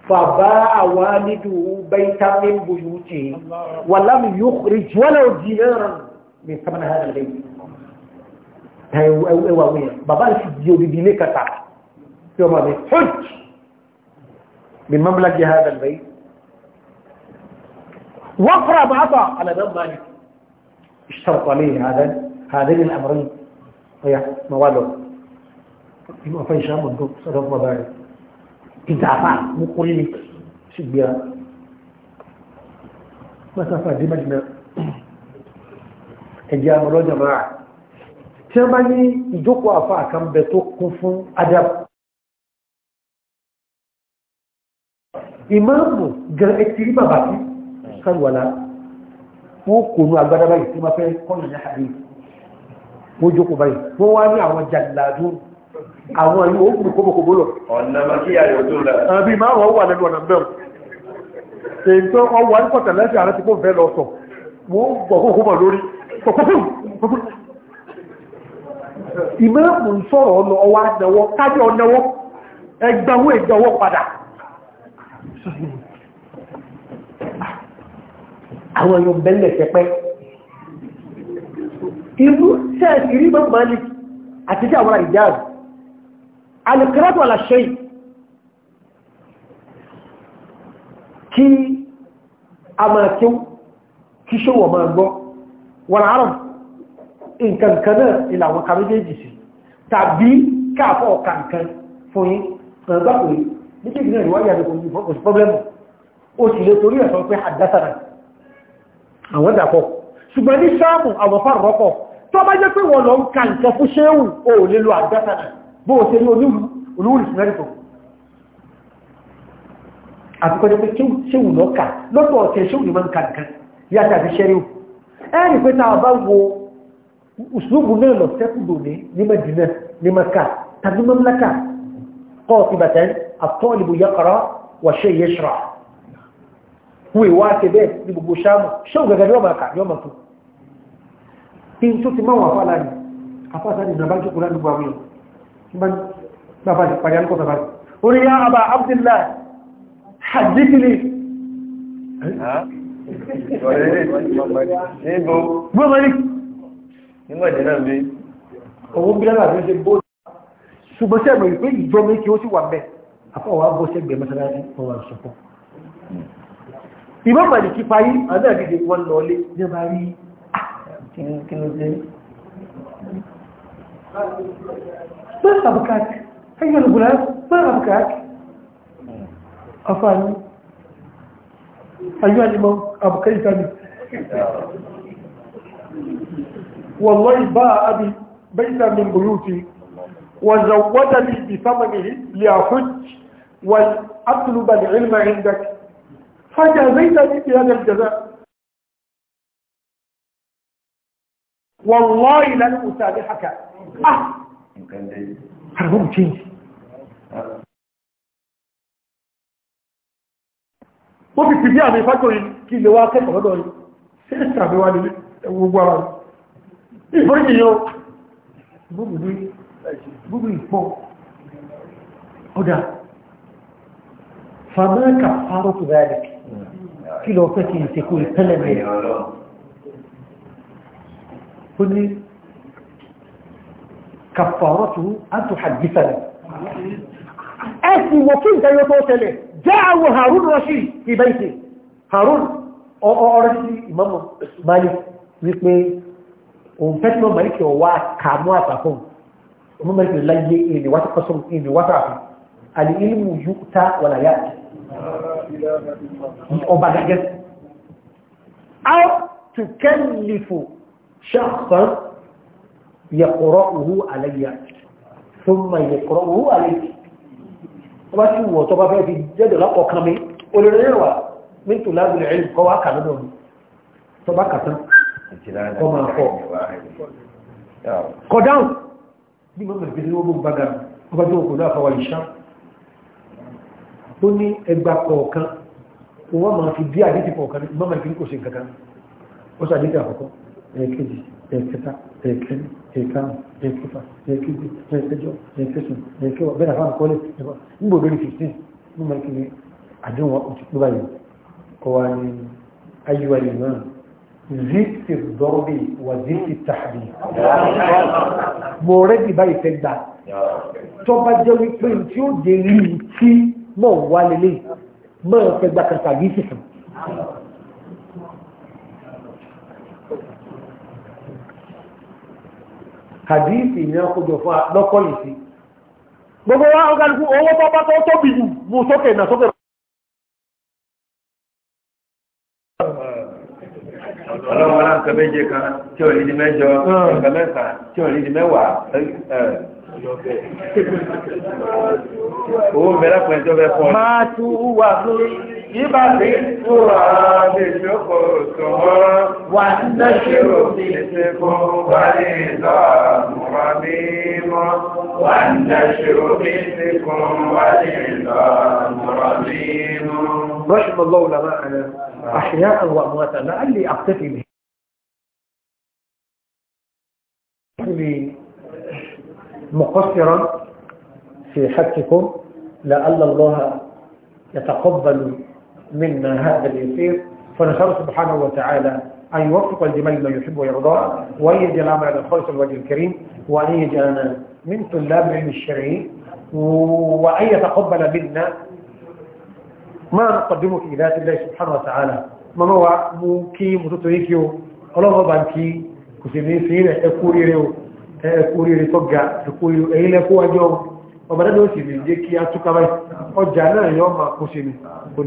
فباع والده بيتا من بيوته ولم يخرج ولو دينارا من ثمن هذا البيت بابا الفيديو بدينك تعالى يوم الحج من هذا البيت وقرأ معطى على دم مالك اشترط عليه هذا هذين الأمرين مواله يبقى فايش عم الدكتور صدق مباري انت عفا مقولي لك شبيا مسافة دي مجمع ẹjẹ́ àmọ́lọ́ jama'a tí a bá ní ìjókòó àfá àkànbẹ̀ tó kún fún adab ìmáàmù gẹ̀rẹ̀ tí wọ́n kò ní agbádá báyìí tí wọ́n fẹ́ kọ́nà ní àárín wọ́n jókòó báyìí wọ́n wá ní àwọn jàdìláàdú àwọn ìlú ó kùnù kóbòkóbó lọ ọ̀nà màkíyà yóò tó lọ àbí máa wọ́n wà lẹ́nu ọ̀nà mẹ́rin èyí tó wọ́n wà ní kọ̀tà lẹ́sẹ̀ àrẹ ti kó fẹ́ lọ sọ wọ́n gbọ̀kún kó mọ̀ lórí ìmọ̀ràn àwọn èèyàn bẹ́lẹ̀ tẹ́pẹ́ irú sẹ́ẹ̀sì rí mọ́ malik àti sí àwọn ìjáàbù alìkìrátù aláṣẹ́ kí a máa kí kí ṣòwò máa gbọ́ wọ́n àárọ̀ nǹkankan náà ìlàwọn kàméjèèjì sí tàbí káàfọ́ kankan fún yí ọ̀gbàkùnrin nítorí náà ìwádìí àdẹ́kùnrin fọ́kùnrin pọ́blẹ́mù ó sì lè torí àwọn dàpọ̀ ṣùgbọ́n ní sáàmù àwọn fárọ̀pọ̀ tó bá jẹ́ pé wọ́n lọ ń ka nǹkan fún ṣéhù o lè lo àgbásànà bó o ṣe ní olúwùrù sinẹ́rìtò àfikọ́ jẹ́ pé ṣéhù lọ kà lọ́tọ̀ ọ̀tẹ̀ ṣéhù ni máa ń ka nǹkan yàtà àti ṣẹ́ríù ẹ̀rì pé táà bá wo ìṣlúbù náà lọ sẹ́kùdò ní kọ́ wọ́n ìwá ṣe bẹ́ẹ̀ ní gbogbo ṣáàmù ṣóò gẹ̀gẹ̀ ní ọmọ àkà ní ọmọ tó kí n tó ti máwọn afá láàrin afá sáàrin ìjọba jókòó láti gbogbo àwọn èèyàn bàbá ti parí alùkọ́ bàbá orí yá àbá Abdullah hadithili ṣùgbọ́n sẹ́gbẹ̀ẹ́ ìgbẹ́ ìjọ méjì ó sì wà bẹ́ẹ̀ afọ́wà bọ́ sẹ́gbẹ̀ẹ́ mọ́sánásí ọwà ìṣọ́pọ̀ ìmọ̀ màlìkí parí àdá àdìdì wọn lọ lé ní rí kìlódé والله باع أبي بيتا من بيوتي وزودني بثمنه لأخج وأطلب العلم عندك حتى فجازيتني هذا الجزاء والله لن اسامحك اه ان كان وفي في ابي فاتو كي لو واقف هذول سيستر بيوالي وغوار يفرني يو بوبي بوبي فو اودا فما كفارة ذلك kí lọ fẹ́ kí n ṣe kó ìtẹ́lẹ̀ mi ó ní kàfàrọ́tù àtò àjísàlẹ̀ ẹ̀sìn mọ̀ kí n tẹ́yọ tó tẹ́lẹ̀ jẹ́ àwọn Harun Rashid ìbẹ́ìsẹ̀ Harun ọ̀rọ̀ sí ìmọ́mọ̀ Malik wípé òun fẹ́ alìlímù yúta wàlà yá ọba gẹ́gẹ́ aw tukallifu shakhsan yaqra'uhu alayya thumma yaqra'uhu alayki ọba tí wọ̀ tọba fẹ́ fi jẹ́dọ̀ lápọ̀ kan mi olùrẹ́rẹ́wà min tulabul ilm kọwa kàlọ́dọ̀ mi tọba kàtán kọ́ máa kọ́ kọ̀ dáhùn ní mọ́mọ̀ ìpínlẹ̀ ogun bá dáa ọba tí wọ́n kò náà fọwọ́ ìṣá ó ní ẹgbà kọ̀ọ̀kan wọ́n máa fi bí àdíjì kọ̀ọ̀kan ní mọ́mà ìpín kò ṣe kankan ó sàdíjì àkọ́kọ́ ẹ̀ẹ́kẹ́jì ẹ̀ẹ́kẹta ẹ̀ẹ́kẹ́ni ẹ̀ẹ́kanu ẹ̀ẹ́kẹfà ẹ̀ẹ́kẹjì ẹ̀ẹ́kẹjọ ẹ̀ẹ́kẹsùn ẹ̀ẹ́kẹwà bẹ́ẹ̀ náà kọ́lẹ̀ ẹ̀fà nígbò lórí 15 mọ́mà ìpín àdéhùn wa òtún tó báyìí kọ́ wa ní ayúwa wípé tí ó dé rí tí mọ̀ wá lélẹ̀ mọ̀ fẹ́ gba kan tàbí sísun. kàdíìsì ni wọ́n kójọ fún lọ́kọ́ yìí sí gbogbo wa ọgbàlùkù owó pápá tó tóbi jù mú sókè náà sókè ọlọ́wọ́ náà nǹkan méje kan tí ò ní di mẹ́jọ nǹkan ah. mẹ́ta tí ò ní di mẹ́wàá [laughs] owó mẹ́rà pẹ̀lú tó fẹ́ fọ́n. máa tú wà lórí yíba lè tó wà lè jókòó tó wọ́n wà nílẹ̀ ṣe ò ṣe kó wà lè lọ àmúra mímọ́ wà nílẹ̀ ṣe ò lè ṣe kó wà lè lọ àmúra mímọ́. رحم الله علماءنا أحياء وأمواتا لعلي أقتفي به مقصرا في حقكم لعل الله يتقبل منا هذا اليسير فنسأل سبحانه وتعالى أن يوفق الجمال ما يحب ويرضى وأن يجعل عملنا الخالص الوجه الكريم وأن يجعلنا من طلاب العلم الشرعي وأن يتقبل منا ما نقدمه في ذات الله سبحانه وتعالى ما هو موكي متتريكيو الله بانكي كسيني سيني sì ní sí ilẹ̀ ẹkú rírẹ̀ ẹkú rírẹ̀ tó ga ọ̀bàdàdà ó sì lè jẹ́ kí a túká báyìí ọjà náà yọ́ ma kó ṣe ni